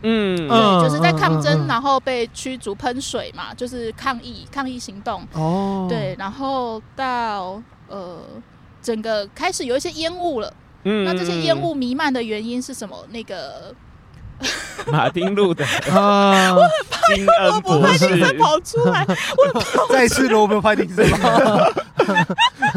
嗯，對，嗯對，就是在抗爭，然後被驅逐噴水嘛，就是抗議、抗議行動，哦，對，然後到，呃，整個開始有一些煙霧了，嗯，那這些煙霧瀰漫的原因是什麼？那個。馬丁路的啊，我很怕，有羅伯派丁森跑出來。再次羅伯派丁森，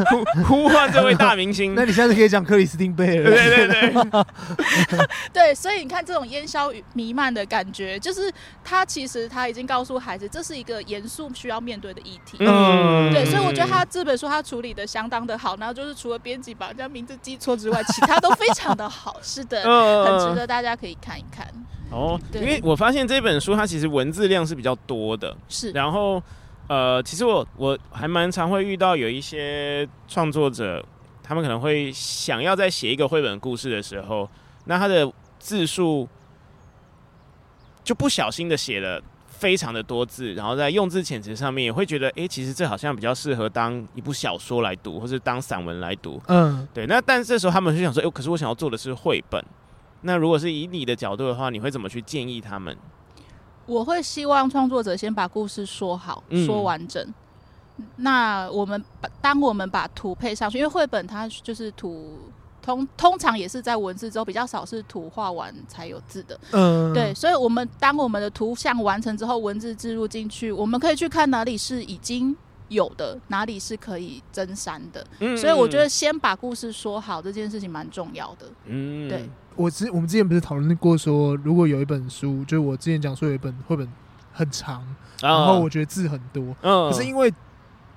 呼呼喚這位大明星。那你下次可以講克里斯汀·貝爾。對對對，對。所以你看，這種煙消雲彌漫的感覺，就是他其實他已經告訴孩子，這是一個嚴肅需要面對的議題。嗯，對。所以我覺得他這本書他處理的相當的好，然後就是除了編輯把人家名字記錯之外，其他都非常的好。是的，很值得大家可以看一看。哦，因為我發現這本書它其實文字量是比較多的，是。然後，呃，其實我我還蠻常會遇到有一些創作者，他們可能會想要在寫一個繪本故事的時候，那他的字數就不小心的寫了非常的多字，然後在用字遣詞上面也會覺得，欸，其實這好像比較適合當一部小說來讀，或是當散文來讀。嗯，對。那但這時候他們就想說，欸，可是我想要做的是繪本。那如果是以你的角度的話，你會怎麼去建議他們？我會希望創作者先把故事說好，嗯、說完整。那我們把當我們把圖配上去，因為繪本它就是圖通通常也是在文字之後比較少是圖畫完才有字的。嗯、呃，對。所以，我們當我們的圖像完成之後，文字置入進去，我們可以去看哪裡是已經有的，哪裡是可以增刪的。嗯，所以我覺得先把故事說好這件事情蠻重要的。嗯，對。我之我們之前不是討論過說，如果有一本書，就是我之前講說有一本繪本很長，然後我覺得字很多，Oh. Oh. 可是因為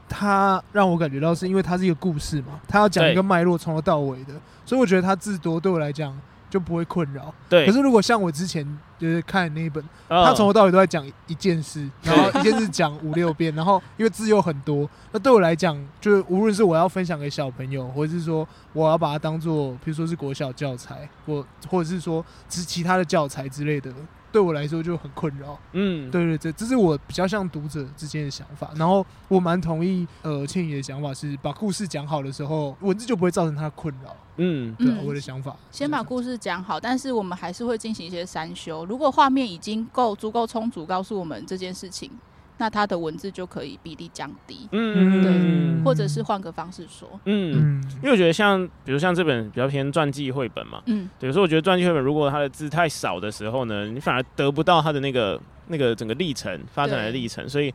它讓我感覺到是因為它是一個故事嘛，它要講一個脈絡從頭到尾的，對所以我覺得它字多對我來講。就不會困擾。對可是如果像我之前就是看的那一本，oh. 他從頭到尾都在講一件事，然後一件事講五六遍， 然後因為字又很多，那對我來講，就是無論是我要分享給小朋友，或者是說我要把它當做，比如說是國小教材，或或者是說其其他的教材之類的，對我來說就很困擾。嗯，對對對，這是我比較像讀者之間的想法。然後我蠻同意，呃，倩宜的想法是，把故事講好的時候，文字就不會造成他的困擾。嗯，對、啊，我的想法。嗯、先把故事講好，但是我們還是會進行一些刪修。如果畫面已經夠足夠充足，告訴我們這件事情，那它的文字就可以比例降低。嗯對，嗯，或者是換個方式說。嗯，嗯，因為我覺得像，比如像這本比較偏傳記繪本嘛，嗯，對。比如說我覺得傳記繪本如果它的字太少的時候呢，你反而得不到它的那個那個整個歷程發展來的歷程，對所以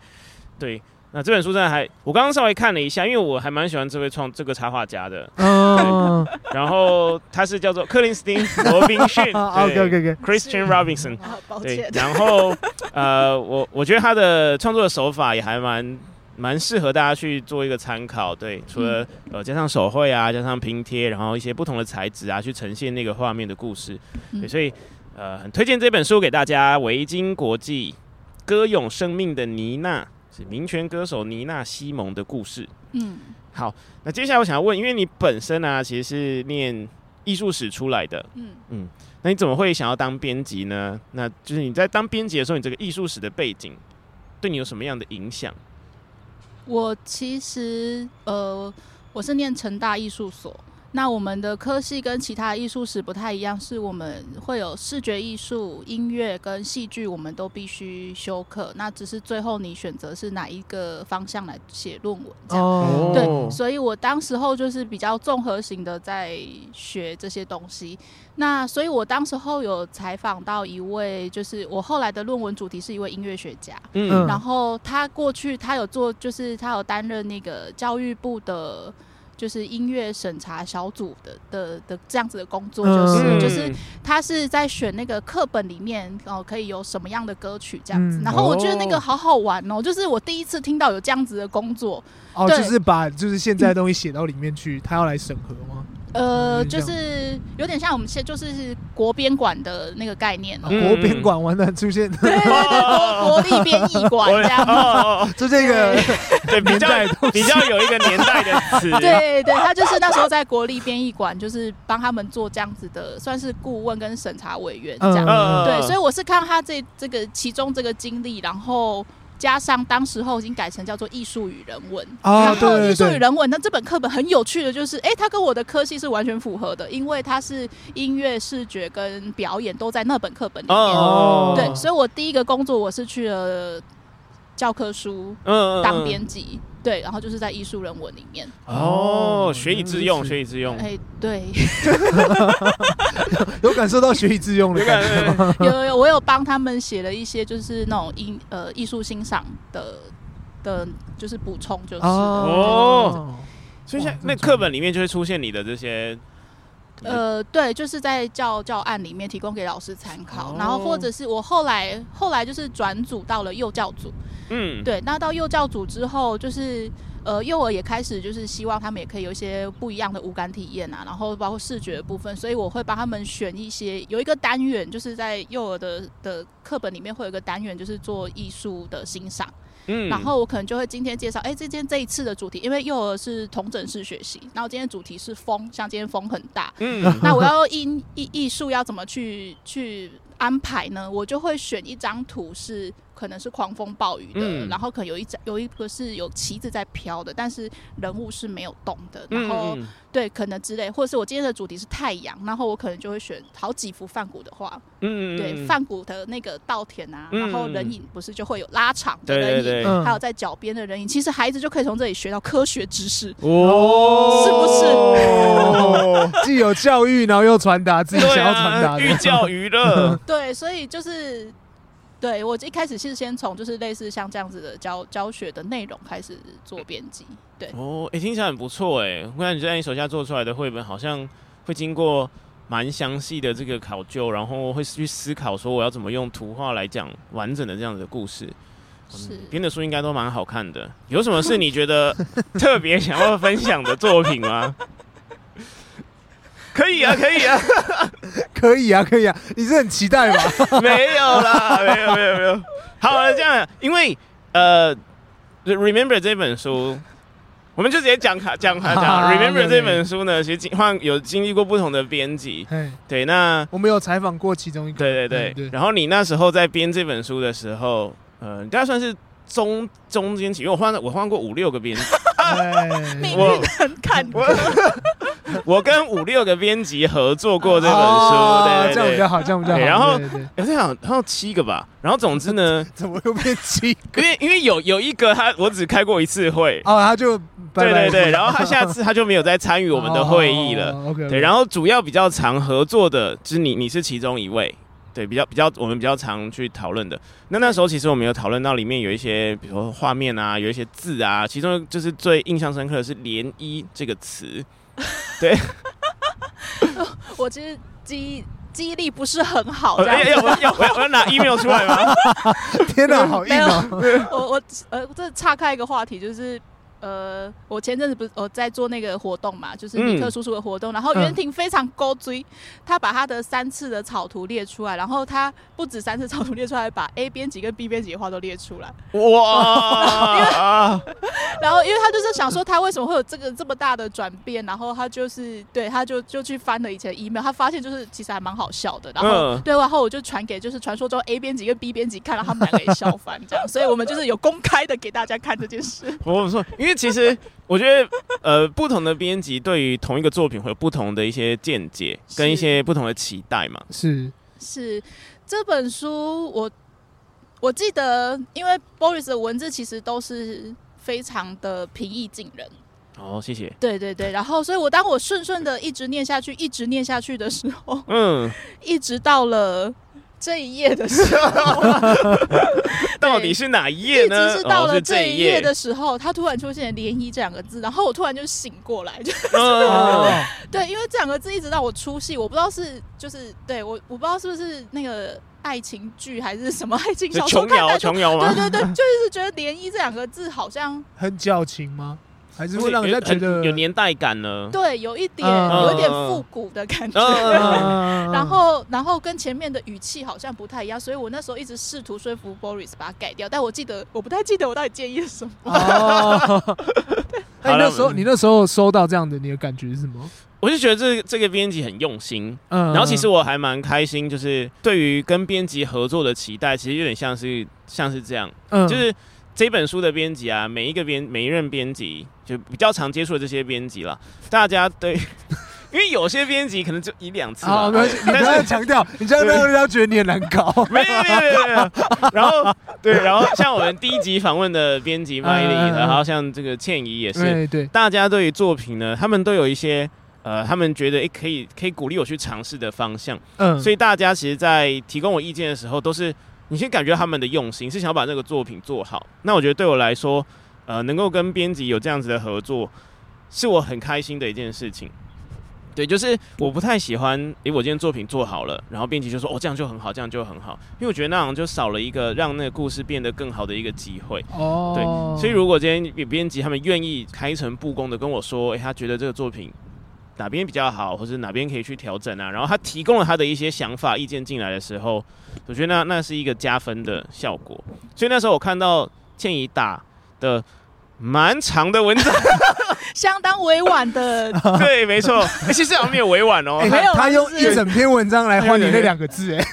對。那、呃、這本書真的還，我剛剛稍微看了一下，因為我還蠻喜歡這位創這個插畫家的。嗯、哦，然後他是叫做克林斯汀·羅賓遜，對 okay, okay, okay.，Christian Robinson、啊。抱歉。然後呃，我我覺得他的創作的手法也還蠻蠻適合大家去做一個參考。對，除了、嗯、呃加上手繪啊，加上拼貼，然後一些不同的材質啊，去呈現那個畫面的故事。嗯、對所以呃，很推薦這本書給大家。維京國際歌詠生命的妮娜。民權歌手妮娜西蒙的故事。嗯，好，那接下來我想要問，因為你本身啊，其實是念藝術史出來的。嗯嗯，那你怎麼會想要當編輯呢？那就是你在當編輯的時候，你這個藝術史的背景對你有什麼樣的影響？我其實呃，我是念成大藝術所。那我們的科系跟其他藝術史不太一樣，是我們會有視覺藝術、音樂跟戲劇，我們都必須修課。那只是最後你選擇是哪一個方向來寫論文，這樣。哦哦，對。所以，我當時候就是比較綜合型的在學這些東西。那所以，我當時候有採訪到一位，就是我後來的論文主題是一位音樂學家。嗯，嗯，然後他過去他有做，就是他有擔任那個教育部的。就是音樂審查小組的的的這樣子的工作，就是、嗯、就是他是在選那個課本裡面哦，可以有什麼樣的歌曲這樣子。嗯、然後我覺得那個好好玩哦，哦就是我第一次聽到有這樣子的工作，哦，對哦，就是把就是現在的東西寫到裡面去，嗯、他要來審核嗎？呃，就是有點像我們現在就是國編館的那個概念，喔，嗯、國編館完了出現，對，對，對，哦哦哦哦國國立編譯館這樣，哦哦，就這個，對，對比較比較有一個年代的詞， 對，對對，他就是那時候在國立編譯館，就是幫他們做這樣子的，算是顧問跟審查委員這樣，嗯，對，所以我是看他這這個其中這個經歷，然後。加上當時候已經改成叫做藝術與人文，哦、然後藝術與人文，哦、對對對，那這本課本很有趣的，就是誒、欸，它跟我的科系是完全符合的，因為它是音樂、視覺跟表演都在那本課本裡面，哦、對，所以我第一個工作我是去了教科書當，當編輯。對，然後就是在藝術人文裡面哦，學以致用，嗯、學以致用，哎、欸，對， 有感受到學以致用的感覺，有有，有，我有幫他們寫了一些，就是那種藝呃藝術欣賞的的，的就是補充，就是哦，哦，所以像那課本裡面就會出現你的這些。呃，對，就是在教教案裡面提供給老師參考，哦、然後或者是我後來後來就是轉組到了幼教組，嗯，對，那到幼教組之後，就是呃，幼兒也開始就是希望他們也可以有一些不一樣的五感體驗啊，然後包括視覺的部分，所以我會幫他們選一些，有一個單元就是在幼兒的的課本裡面會有一個單元就是做藝術的欣賞。然後我可能就會今天介紹，哎，這件這一次的主題，因為幼兒是統整式學習，那我今天主題是風，像今天風很大，嗯，那我要藝藝藝術要怎麼去去安排呢？我就會選一張圖是。可能是狂風暴雨的，然後可能有一張有一個是有旗子在飄的，但是人物是沒有動的。然後對，可能之類，或者是我今天的主題是太陽，然後我可能就會選好幾幅梵谷的畫。嗯對，梵谷的那個稻田啊，然後人影不是就會有拉長的人影，還有在腳邊的人影。其實孩子就可以從這裡學到科學知識哦，是不是？既有教育，然後又傳達自己想要傳達的寓教於樂。對，所以就是。對，我一開始其實先從就是類似像這樣子的教教學的內容開始做編輯，對。哦，誒、欸，聽起來很不錯誒、欸。我感覺在你手下做出來的繪本，好像會經過蠻詳細的這個考究，然後會去思考說我要怎麼用圖畫來講完整的這樣子的故事。是編的書應該都蠻好看的。有什麼是你覺得特別想要分享的作品嗎？ 可以啊，可以啊，可以啊，可以啊！你是很期待嗎？沒有啦，沒有，沒有，沒有。好了，這樣，因為呃，Remember 這本書，我們就直接講卡，講卡，講。Remember 這本書呢，其實經換有經歷過不同的編輯，對，那我們有採訪過其中一個，對對對。然後你那時候在編這本書的時候，嗯，大概算是中中間期，因為我換了，我換過五六個編輯，我很坎坷。 我跟五六個編輯合作過這本書，啊、對，對，對，這樣比較好，這樣比較好。欸、然後，我在想，他、欸、有七個吧。然後，總之呢， 怎麼又變七個？因為，因為有有一個他，我只開過一次會，哦，他就拜拜，對對對，然後他下次他就沒有再參與我們的會議了。哦哦哦哦哦、對，然後主要比較常合作的，就是你，你是其中一位，對，比較比較，我們比較常去討論的。那那時候其實我們有討論到裡面有一些，比如說畫面啊，有一些字啊，其中就是最印象深刻的是“漣漪”這個詞。對，我其實記憶記憶力不是很好。要要、呃呃呃，我要拿 email 出來嗎？ 天哪，好硬哦，嗯嗯、我我呃，這岔開一個話題就是。呃，我前陣子不是我、呃、在做那個活動嘛，就是尼克叔叔的活動。嗯、然後袁婷非常 go 追，嗯、他把他的三次的草圖列出來，然後他不止三次草圖列出來，把 A 編輯跟 B 編輯的話都列出來。哇、哦！然後因為，啊、然後因為他就是想說他為什麼會有這個這麼大的轉變，然後他就是對他就就去翻了以前的 email，他發現就是其實還蠻好笑的。然後，嗯、對，然後我就傳給就是傳說中 A 編輯跟 B 編輯看了，然後他們兩個也笑翻這樣。 所以我們就是有公開的給大家看這件事。我因為其實我覺得，呃，不同的編輯對於同一個作品會有不同的一些見解跟一些不同的期待嘛。是是，是，這本書我我記得，因為 Boris 的文字其實都是非常的平易近人。哦，謝謝。對對對，然後所以，我當我順順的一直念下去，一直念下去的時候，嗯， 一直到了這一頁的時候， 到底是哪一頁呢？一直是到了這一頁的時候，他、哦、突然出現了“漣漪”這兩個字，然後我突然就醒過來。就是哦、 對，因為這兩個字一直讓我出戲，我不知道是就是對我，我不知道是不是那個愛情劇還是什麼愛情小說。瓊瑤，瓊瑤嗎？對對對，就是覺得“漣漪”這兩個字好像很矯情嗎？還是會讓人家覺得有、有年代感呢。對，有一點，嗯、有一點復古的感覺。嗯嗯、 然後，然後跟前面的語氣好像不太一樣，所以我那時候一直試圖說服 Boris 把它改掉。但我記得，我不太記得我到底建議什麼。你那時候，你那時候收到這樣的，你的感覺是什麼？我就覺得這這個編輯很用心。嗯、嗯、嗯。然後其實我還蠻開心，就是對於跟編輯合作的期待，其實有點像是像是這樣，嗯、就是。這本書的編輯啊，每一個編每一任編輯就比較常接觸的這些編輯啦。大家對，因為有些編輯可能就一兩次嘛，啊、對但是沒關係。你強調，對你這樣讓人家覺得你很難搞。沒有，然後對，然後像我們第一集訪問的編輯麥麗，然後像這個倩宜也是，對、嗯，大家對於作品呢，他們都有一些呃，他們覺得哎、欸、可以可以鼓勵我去嘗試的方向。嗯，所以大家其實，在提供我意見的時候，都是。你先感覺他們的用心是想要把那個作品做好，那我覺得對我來說，呃，能夠跟編輯有這樣子的合作，是我很開心的一件事情。對，就是我不太喜歡，誒，我今天作品做好了，然後編輯就說，哦，這樣就很好，這樣就很好，因為我覺得那樣就少了一個讓那個故事變得更好的一個機會。哦，Oh. 對，所以如果今天編輯他們願意開誠布公的跟我說，誒，他覺得這個作品。哪邊比較好，或是哪邊可以去調整啊？然後他提供了他的一些想法、意見進來的時候，我覺得那那是一個加分的效果。所以那時候我看到倩宜打的蠻長的文章，相當委婉的。 對，沒錯，其實也沒有委婉哦、喔。有、欸、他，他用一整篇文章來換你那兩個字、欸，哎。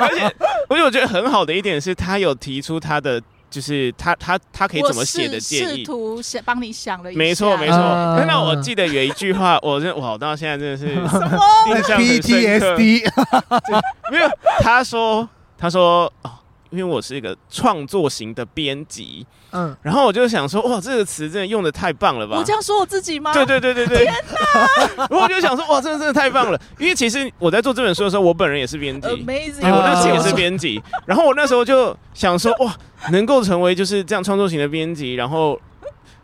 而且而且我覺得很好的一點是，他有提出他的。就是他，他，他可以怎麼寫的建議，試圖想幫你想了一下，沒錯，沒錯。那、uh、我記得有一句話，我我到現在真的是 什麼 PTSD 沒有。他說，他說。哦因為我是一個創作型的編輯，嗯，然後我就想說，哇，這個詞真的用得太棒了吧！我這樣說我自己嗎？對對對對對！天哪！然後我就想說，哇，真的真的太棒了！ 因為其實我在做這本書的時候，我本人也是編輯哎我那時候也是編輯， 然後我那時候就想說，哇，能夠成為就是這樣創作型的編輯，然後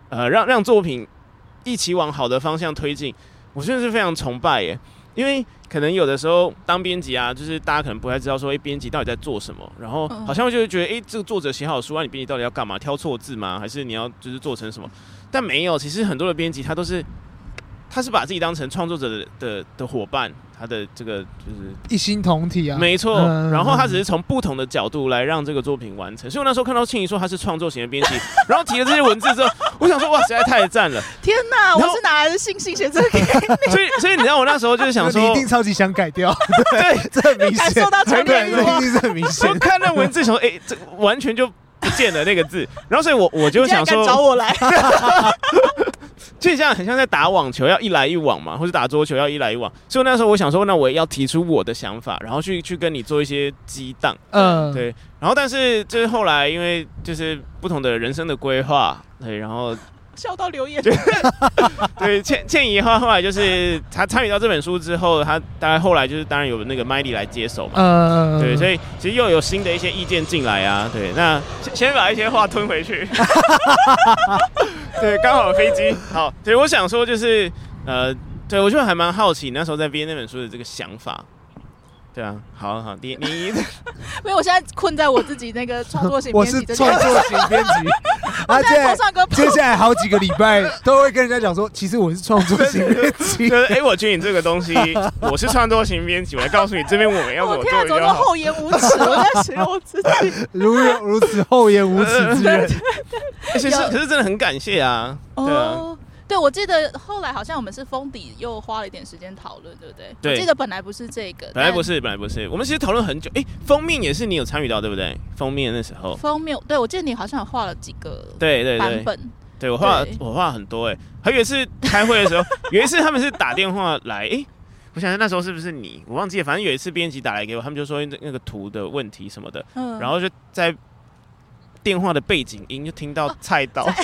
呃，讓讓作品一起往好的方向推進，我真的是非常崇拜耶！因為。可能有的時候當編輯啊，就是大家可能不太知道說，哎，編輯到底在做什麼？然後好像就是覺得，哎、嗯，這個作者寫好書啊，你編輯到底要幹嘛？挑錯字嗎？還是你要就是做成什麼？但沒有，其實很多的編輯他都是。他是把自己當成創作者的的夥伴，他的這個就是一心同體啊，沒錯。然後他只是從不同的角度來讓這個作品完成。所以我那時候看到倩宜說他是創作型的編輯，然後提了這些文字之後，我想說哇，實在太贊了！天哪，我是哪來的信心寫這個？所以所以你知道我那時候就是想說，一定超級想改掉，對，這很明顯。做到一定很明顯。看那文字時候，哎這完全就不見了那個字，然後所以我我就想說，找我來，就像很像在打網球，要一來一往嘛，或者打桌球要一來一往。所以那時候我想說，那我要提出我的想法，然後去去跟你做一些激盪。嗯，對。然後，但是就是後來，因為就是不同的人生的規劃，對，然後。笑到流眼淚。對，倩倩宜後後來就是她參與到這本書之後，她大概後來就是當然有那個麥莉來接手嘛。嗯，對，所以其實又有新的一些意見進來啊。對，那先把一些話吞回去。 對，剛好飛機，好，對，我想說就是呃，對，我就還蠻好奇那時候在編那本書的這個想法。對啊，好好，你你，因 有，我現在困在我自己那個創作型編輯，創作型編輯，而且、 啊、接、接下來好幾個禮拜 都會跟人家講說，其實我是創作型編輯。就是哎，我覺得你這個東西， 我是創作型編輯，我來告訴你， 這邊我們要我做，你就厚顏無恥，厚顏無恥，如有如此厚顏無恥之人， 有而且是可是真的很感謝啊，哦、對啊。對，我記得後來好像我們是封底又花了一點時間討論，對不對？對，我記得本來不是這個，本來不是，但本來不是。我們其實討論很久。哎、欸，封面也是你有參與到，對不對？封面那時候，封面對，我記得你好像有畫了幾個版本，對對對，本對我畫對我畫很多哎、欸。還有一次開會的時候， 有一次他們是打電話來，哎、欸，我想想那時候是不是你？我忘記了，反正有一次編輯打來給我，他們就說那那個圖的問題什麼的，嗯、然後就在電話的背景音就聽到菜刀。啊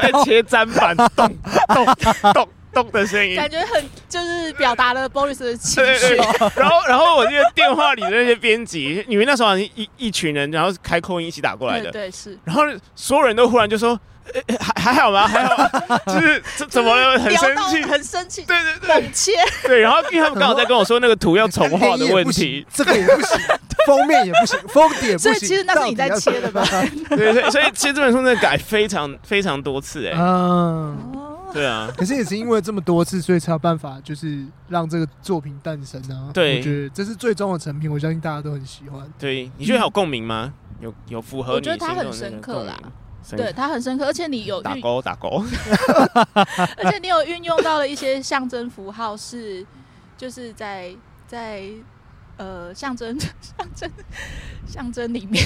在切再砧板，咚咚咚咚的聲音，感覺很就是表達了 Boris 的情緒。然後，然後我那個電話裡的那些編輯，因為 那時候好像一一群人，然後開擴音一起打過來的，對，對，對，是。然後所有人都忽然就說。還還好嗎？還好，就是怎麼很生氣，很生氣，對對對，很切，對。然後因為他們剛好在跟我說那個圖要重畫的問題，欸，這個也不行， 封面也不行，封底也不行。所以其實那是你在切的吧？對對，所以其實這本書在改非常非常多次，欸，哎，啊，嗯，對啊。可是也是因為這麼多次，所以才有辦法就是讓這個作品誕生呢，啊。對，我覺得這是最終的成品，我相信大家都很喜歡。對，你覺得好共鳴嗎？嗯，有有符合你有？我覺得他很深刻啦。對，它很深刻，而且你有打勾打勾， 而且你有運用到了一些象徵符號是，是就是在在呃象徵象徵象徵裡面，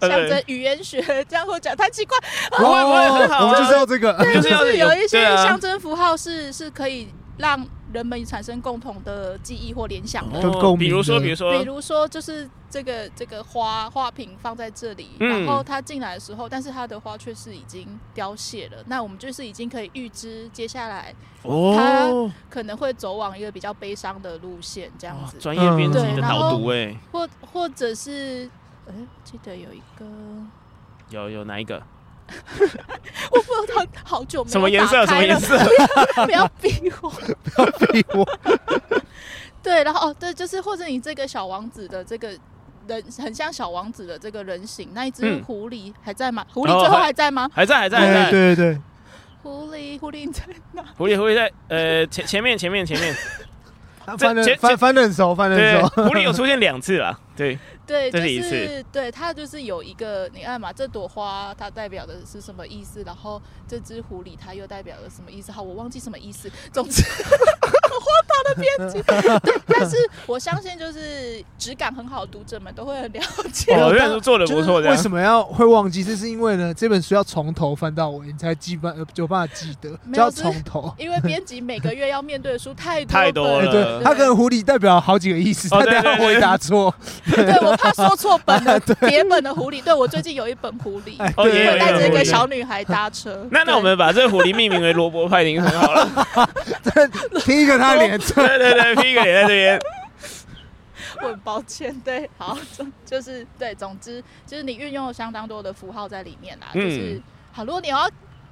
象徵語言學對這樣會講太奇怪，不會不會，我們就是要這個，對，就是有一些象徵符號是、啊、是可以讓。人們產生共同的記憶或聯想的，哦，比如說，比如說，比如說，就是這個這個花花瓶放在這裡，嗯、然後它進來的時候，但是它的花卻是已經凋謝了。那我們就是已經可以預知接下來他可能會走往一個比較悲傷的路線，這樣子。哦、專業編輯的導讀哎，或或者是，哎、欸，記得有一個，有有哪一個？ 我不知道好久沒什麼顏色，什麼顏色 不要，不要逼我， 不要逼我。 對，然後對，就是或者你這個小王子的這個人很像小王子的這個人形，那一只狐狸、嗯、還在嗎？狐狸最後還在嗎？哦、還,還在，還在，欸、對對對。狐狸，狐狸你在哪？狐狸，狐狸在呃前前面前面前面。前面前面他翻的翻翻得很熟，翻得很熟。狐狸有出現兩次啊。對，對，就是對它，就是有一個你看嘛，這朵花它代表的是什麼意思，然後這只狐狸它又代表了什麼意思？好，我忘記什麼意思，總之很荒唐的編輯，但是我相信就是質感很好的讀者們都會很了解。我感覺都做的不錯，為什麼要會忘記？這是因為呢，這本書要從頭翻到尾，你才基本就有辦法記得，就要從頭，因為編輯每個月要面對的書太多太多了。對，它跟狐狸代表好幾個意思，他等一下回答錯。對，我怕說錯本的別本的狐狸。對，我最近有一本狐狸，帶着一個小女孩搭車。那那我們把這狐狸命名為蘿伯派林很好了。拼一個他的臉，對對對，拼一個臉在這邊。我很抱歉，對，好，就是對，總之就是你運用了相當多的符號在裡面啦，就是好。如果你要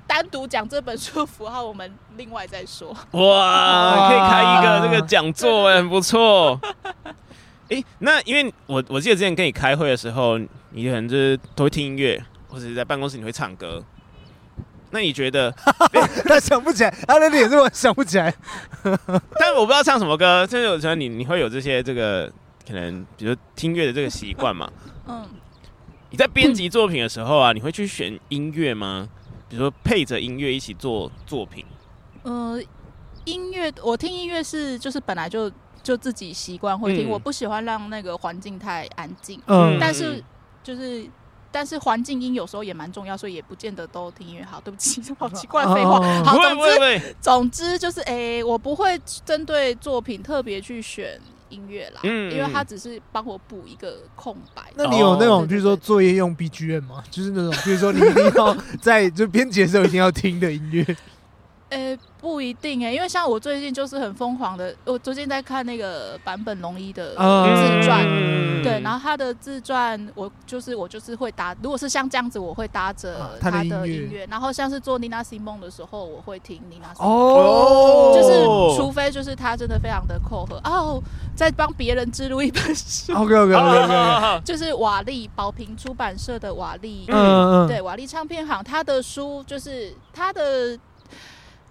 單獨講這本書符號，我們另外再說。哇，可以開一個這個講座哎，很不錯。欸、那因為我我記得之前跟你開會的時候，你可能就是都會聽音樂，或者是在辦公室你會唱歌。那你覺得？ 別他想不起來， 他的臉是我想不起來。 但我不知道唱什麼歌。就是有時候你你會有這些這個可能，比如說聽音樂的這個習慣嘛。嗯。你在編輯作品的時候啊，嗯、你會去選音樂嗎？比如說配着音樂一起做作品。嗯、呃，音樂我聽音樂是就是本來就。就自己習慣會聽，嗯、我不喜歡讓那個環境太安靜。嗯，但是就是，但是環境音有時候也蠻重要，所以也不見得都聽音樂。好，對不起，好奇怪，廢、啊哦、話。好，總之不會不會總之就是，哎、欸，我不會針對作品特別去選音樂啦，嗯，嗯，因為它只是幫我補一個空白。那你有那種，比如說作業用 BGM 嗎？就是那種，比如說你一定要在 就編輯的時候一定要聽的音樂。欸、不一定、欸、因為像我最近就是很瘋狂的，我最近在看那個坂本龍一的自傳，嗯、對，然後他的自傳，我就是我就是會搭，如果是像這樣子，我會搭着他的音樂，然後像是做 Nina Simone 的時候，我會聽 Nina Simone 哦，就是除非就是他真的非常的扣合哦，在幫別人置入一本書，OK OK OK，就是瓦力寶瓶出版社的瓦力，對，瓦力唱片行他的書就是他的。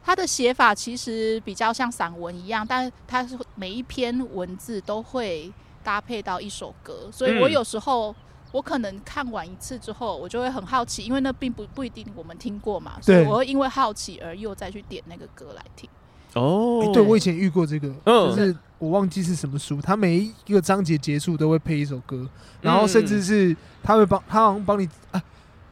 它的寫法其實比較像散文一樣，但它是每一篇文字，都會搭配到一首歌，所以我有時候、嗯、我可能看完一次之後，我就會很好奇，因為那並不不一定我們聽過嘛，對，所以我會因為好奇而又再去點那個歌來聽。哦，對，欸、對，我以前遇過這個，就、嗯、是我忘記是什麼書，它每一個章節結束都會配一首歌，然後甚至是他會幫，他好像幫你啊。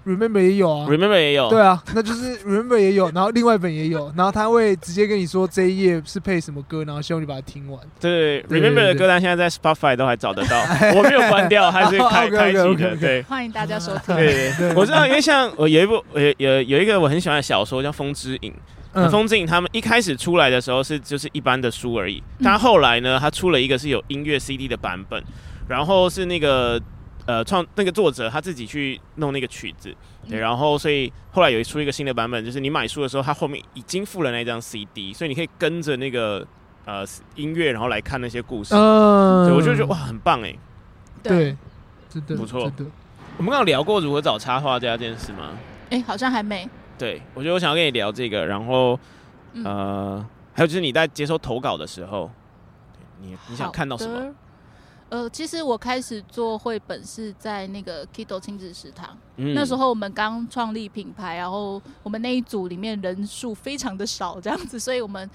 Remember 也有啊，Remember 也有，對啊，那就是 Remember 也有，然後另外一本也有，然後他會直接跟你說這一頁是配什麼歌，然後希望你把它聽完。對，Remember 的歌單現在在 Spotify 都還找得到，我沒有關掉，還是開開起的。對，歡迎大家收聽。對對對，我知道，因為像我有一部，呃，有有一個我很喜歡的小說叫《風之影》，風之影他們一開始出來的時候是就是一般的書而已，但後來呢，他出了一個是有音樂 CD 的版本，然後是那個。呃，創那個作者他自己去弄那個曲子，對，然後所以後來有一出一個新的版本，就是你買書的時候，他後面已經附了那張 CD，所以你可以跟着那個呃音樂，然後來看那些故事。嗯，我就覺得哇，很棒哎，對，真的不錯。我們剛剛聊過如何找插畫家這件事嗎？哎、欸，好像還沒。對，我覺得我想要跟你聊這個，然後、嗯、呃，還有就是你在接收投稿的時候，對你你想看到什麼？呃，其實我開始做繪本是在那個 Kito 親子食堂，嗯、那時候我們剛創立品牌，然後我們那一組裡面人數非常的少，這樣子，所以我們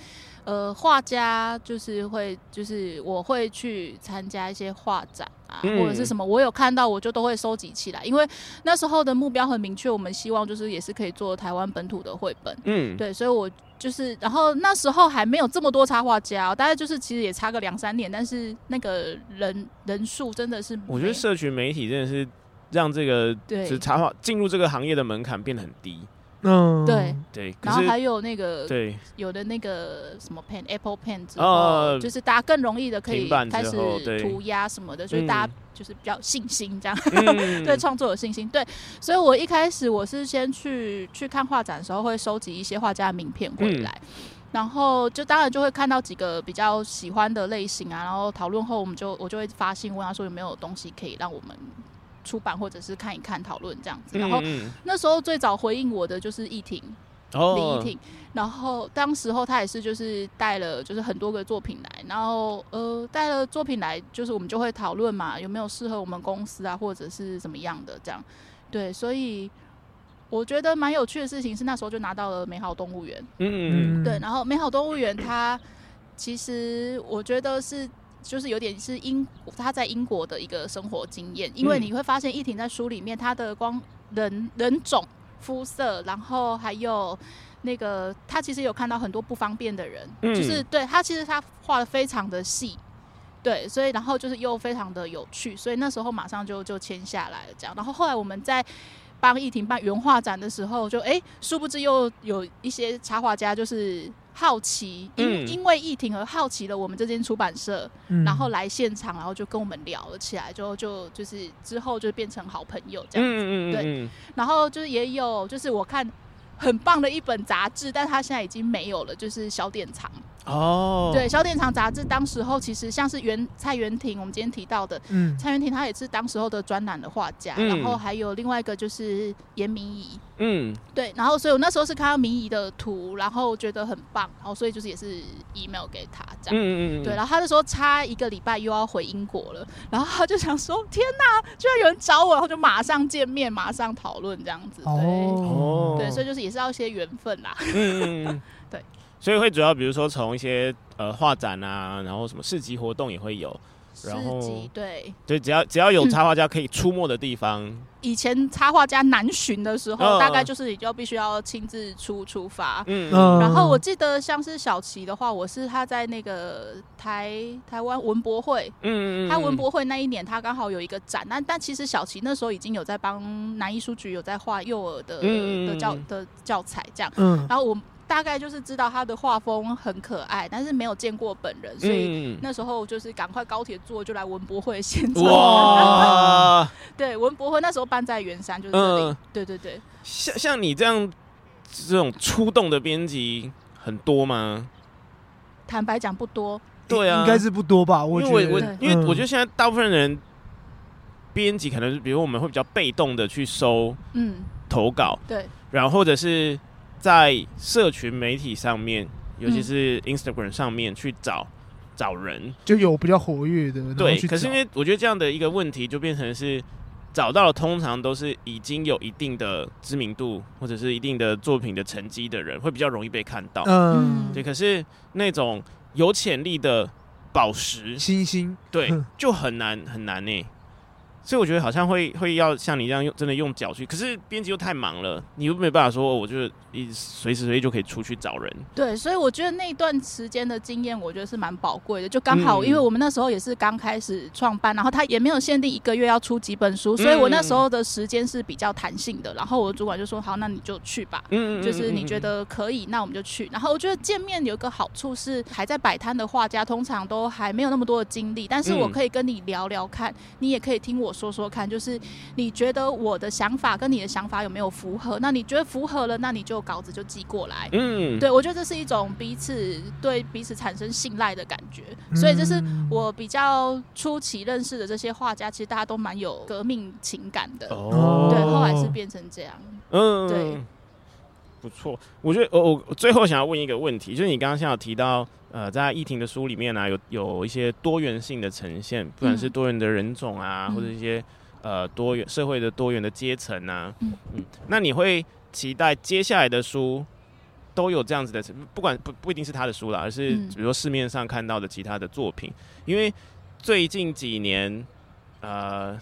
呃畫家就是會就是我會去參加一些畫展啊，嗯、或者是什麼，我有看到我就都會收集起來，因為那時候的目標很明確，我們希望就是也是可以做台灣本土的繪本，嗯，對，所以我。就是，然後那時候還沒有這麼多插畫家，哦，大概就是其實也差個兩三年，但是那個人人數真的是，我覺得社群媒體真的是讓這個是對插畫進入這個行業的門檻變得很低。嗯，對、oh, 對，對是然後還有那個，對有的那個什麼 pen apple pen，哦，oh, 就是大家更容易的可以開始塗鴉什麼的，所以大家就是比較有信心這樣，嗯、 對創作有信心。嗯、對，所以我一開始我是先去去看畫展的時候，會收集一些畫家的名片過來，嗯、然後就當然就會看到幾個比較喜歡的類型啊，然後討論後，我們就我就會發信問他說有沒有東西可以讓我們。出版或者是看一看討論這樣子，然後、嗯嗯、那時候最早回應我的就是易婷，哦、李易婷，然後當時候她也是就是帶了就是很多個作品來，然後呃帶了作品來就是我們就會討論嘛，有沒有適合我們公司啊或者是怎麼樣的這樣，對，所以我覺得蠻有趣的事情是那時候就拿到了《美好動物園》，嗯嗯，嗯對，然後《美好動物園》它其實我覺得是。就是有點是英，他在英國的一個生活經驗，因為你會發現一婷在書裡面，他的光人人種膚色，然後還有那個他其實有看到很多不方便的人，嗯、就是對他其實他畫的非常的細，對，所以然後就是又非常的有趣，所以那時候馬上就就簽下來了這樣，然後後來我們在幫一婷辦原畫展的時候就，就、欸、哎，殊不知又有一些插畫家就是。好奇，因因為疫情而好奇了我們這間出版社，嗯、然後來現場，然後就跟我們聊了起來，就就就是之後就變成好朋友這樣子，嗯嗯嗯嗯對。然後就是也有，就是我看很棒的一本雜誌，但是它現在已經沒有了，就是小典藏。哦，oh, 對，長《小典藏》雜誌當時候其實像是袁蔡元廷，我們今天提到的，嗯、蔡元廷，他也是當時候的專欄的畫家，嗯、然後還有另外一個就是嚴明儀，嗯，對，然後所以我那時候是看到明儀的圖，然後覺得很棒，然後所以就是也是 email 給他這樣，嗯，嗯，對，然後他就說差一個禮拜又要回英國了，然後他就想說天吶，居然有人找我，然後就馬上見面，馬上討論這樣子，哦，oh. 對，所以就是也是要一些緣分啦，嗯。 所以會主要比如說從一些呃畫展啊，然後什麼市集活動也會有，市集對對，只要只要有插畫家可以出沒的地方。嗯、以前插畫家難尋的時候，哦、大概就是你就必須要親自出出發。嗯，哦、然後我記得像是小齊的話，我是他在那個台台灣文博會，嗯，嗯他文博會那一年他剛好有一個展，那但其實小齊那時候已經有在幫南藝書局有在畫幼兒的、嗯呃、的教的教材這樣，嗯，然後我。大概就是知道他的畫風很可愛，但是沒有見過本人，嗯、所以那時候就是趕快高鐵坐就來文博會現場。哇！ 對文博會那時候搬在圓山，就這裡。嗯、對，對對對。像像你這樣這種出動的編輯很多嗎？坦白講，不多。對啊，應該是不多吧？我覺得因我，我對因為我覺得現在大部分人編輯可能是比如我們會比較被動的去收嗯投稿，嗯、對，然後或者是。在社群媒體上面，尤其是 Instagram 上面，嗯、去找找人，就有比較活躍的，對。可是因為我覺得這樣的一個問題就變成是找到的通常都是已經有一定的知名度或者是一定的作品的成績的人，會比較容易被看到。嗯，對。可是那種有潛力的寶石星星，對，嗯、就很難很難呢、欸。所以我覺得好像會會要像你這樣用真的用腳去，可是編輯又太忙了，你又沒辦法說我就一直隨時隨地就可以出去找人。對，所以我覺得那段時間的經驗，我覺得是蠻寶貴的。就剛好因為我們那時候也是剛開始創辦，嗯、然後他也沒有限定一個月要出幾本書，所以我那時候的時間是比較彈性的。然後我主管就說：“好，那你就去吧，就是你覺得可以，那我們就去。”然後我覺得見面有一個好處是，還在擺攤的畫家通常都還沒有那麼多的精力，但是我可以跟你聊聊看，你也可以聽我說。說說看，就是你覺得我的想法跟你的想法有沒有符合？那你覺得符合了，那你就稿子就寄過來。嗯，對，我覺得這是一種彼此對彼此產生信賴的感覺，所以這是我比較初期認識的這些畫家，其實大家都蠻有革命情感的。哦，對，後來是變成這樣。嗯，對。不錯，我覺得我、哦、我最後想要問一個問題，就是你剛剛像有提到，呃，在易婷的書裡面呢、啊，有有一些多元性的呈現，不管是多元的人種啊，嗯、或者一些呃多元社會的多元的階層啊，嗯嗯，那你會期待接下來的書都有這樣子的，不管不不一定是他的書了，而是比如說市面上看到的其他的作品，因為最近幾年，呃。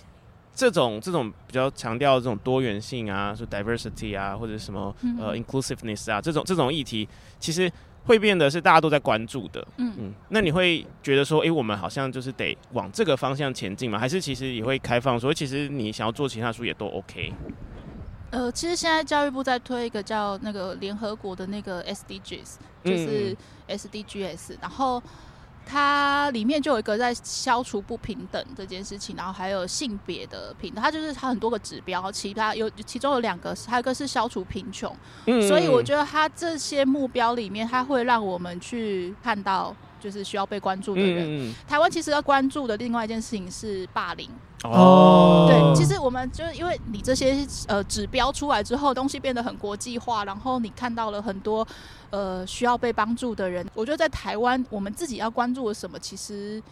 這種這種比較強調這種多元性啊，說 diversity 啊，或者什麼、嗯、哼呃 inclusiveness 啊，這種這種議題，其實會變得是大家都在關注的。嗯嗯，那你會覺得說，哎、欸，我們好像就是得往這個方向前進嗎？還是其實也會開放所以其實你想要做其他書也都 OK。呃，其實現在教育部在推一個叫那個聯合國的那個 SDGs，就是 SDGs，、嗯、然後。它裡面就有一個在消除不平等這件事情，然後還有性別的平等，它就是它很多個指標，其他有其中有兩個，還有一個是消除貧窮。嗯嗯，所以我覺得它這些目標裡面，它會讓我們去看到就是需要被關注的人。嗯嗯嗯，台灣其實要關注的另外一件事情是霸凌。哦，oh、對，其實我們就是因為你這些呃指標出來之後，東西變得很國際化，然後你看到了很多呃需要被幫助的人。我覺得在台灣，我們自己要關注的什麼，其實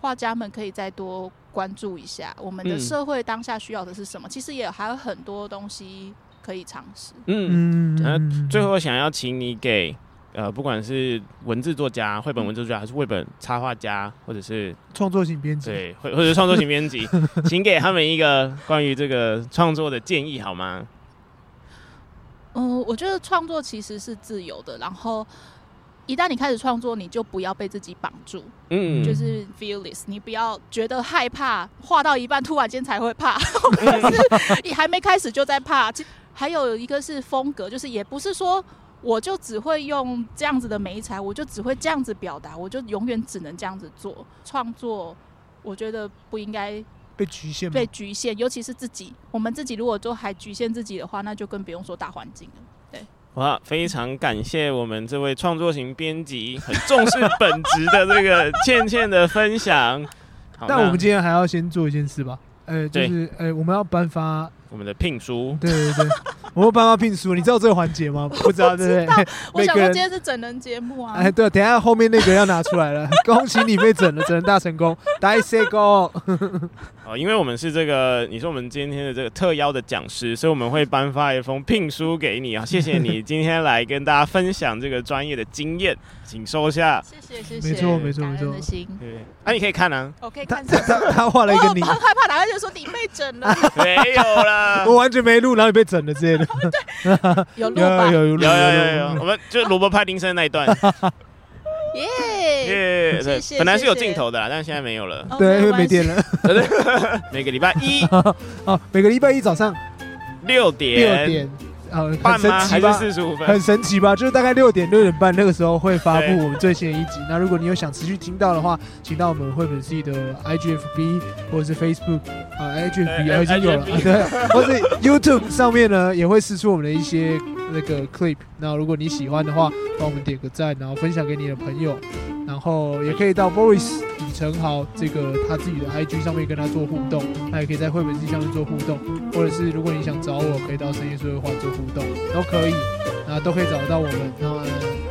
畫家們可以再多關注一下，我們的社會當下需要的是什麼。嗯、其實也還有很多東西可以嘗試。嗯，那對、啊、最後想要請你給。呃，不管是文字作家、繪本文字作家，還是繪本插畫家，或者是創作型編輯，對，或或者創作型編輯， 請給他們一個關於這個創作的建議好嗎？嗯、呃，我覺得創作其實是自由的。然後一旦你開始創作，你就不要被自己綁住。嗯，嗯，就是 fearless，你不要覺得害怕，畫到一半突然間才會怕，你 還沒開始就在怕。還有一個是風格，就是也不是說。我就只會用這樣子的媒材，我就只會這樣子表達，我就永遠只能這樣子做創作。我覺得不應該被，被局限嗎？被局限，尤其是自己。我們自己如果都還局限自己的話，那就更不用說大環境了。對，哇，非常感謝我們這位創作型編輯，很重視本職的這個倩倩的分享。 好，那但我們今天還要先做一件事吧？哎、欸，就是哎對、欸，我們要頒發。我們的聘書，對對對，我們頒發聘書，你知道這個環節嗎？不知道對不對？我想說今天是整人節目啊！哎，對，等下後面那個要拿出來了，恭喜你被整了，整人大成功，大成功！哦，因為我們是這個，你是我們今天的這個特邀的講師，所以我們會頒發一封聘書給你啊，謝謝你今天來跟大家分享這個專業的經驗，請收下，謝謝謝謝，沒錯沒錯沒錯，對啊，你可以看啊，我可以看，他畫了一個你，很害怕，打開就說你被整了。沒有啦。我完全沒錄然後被整了之類的。有有有有有有有，我們就蘿蔔拍鈴聲那一段。耶耶，謝謝。本來是有鏡頭的，但是現在沒有了，對，因為沒電了。每個禮拜一，每個禮拜一早上六點。呃，嗯、很神奇吧半嗎？還是45分？很神奇吧？就是大概六點六點半那個時候會發布我們最新的一集。對那如果你有想持續聽到的話，請到我們會本系的 IGFB 或者是 Facebook 啊，IGFB 對已經有了，IG 啊、對， 或是 YouTube 上面呢也會釋出我們的一些。那個 clip，那如果你喜歡的話，幫我們點個讚，然後分享給你的朋友，然後也可以到 Voice 李承豪這個他自己的 IG 上面跟他做互動，他也可以在繪本機上面做互動，或者是如果你想找我，可以到深夜說的話做互動，都可以，啊，都可以找得到我們，那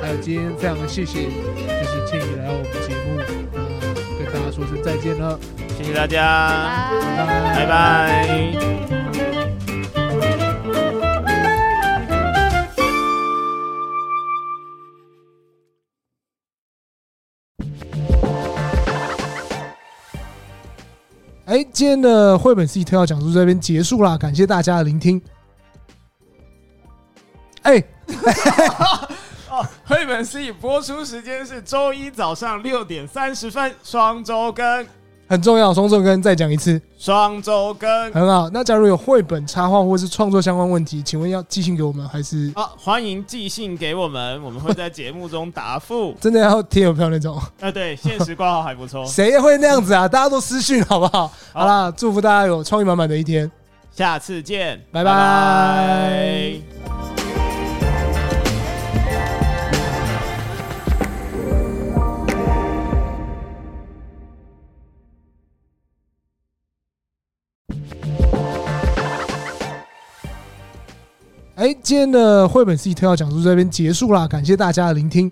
還有今天非常的謝謝，就是倩宜來到我們節目，啊，跟大家說聲再見了，謝謝大家，拜拜。哎，今天的繪本思議特邀講述這邊結束啦，感謝大家的聆聽。哎、 哦，哦，繪本思議播出時間是週一早上六點三十分，雙週更。很重要，雙周根再講一次，雙周根很好。那假如有繪本插畫或者是創作相關問題，請問要寄信給我們還是？好，歡迎寄信給我們，我們會在節目中答復。真的要貼郵票那種？哎對，限時掛號還不錯。誰會那樣子啊？大家都私訊好不好？好啦，祝福大家有創意滿滿的一天，下次見，拜拜。哎，今天的繪本 C 特邀講述這邊結束了，感謝大家的聆聽。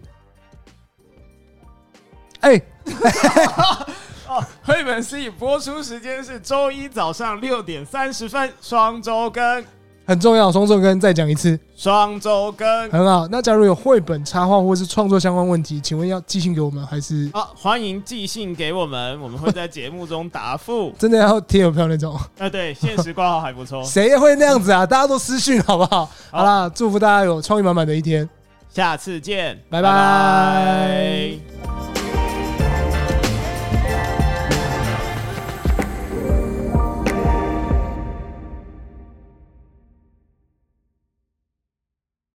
哎、 哦，哦，繪本 C 播出時間是周一早上六點三十分，雙週更。很重要，雙周根再講一次，雙周根很好。那假如有繪本插畫或者是創作相關問題，請問要寄信給我們還是？好，歡迎寄信給我們，我們會在節目中答覆。真的要貼郵票那種？哎對，限時掛號還不錯。誰會那樣子啊？大家都私訊好不好？好啦，祝福大家有創意滿滿的一天，下次見，拜拜。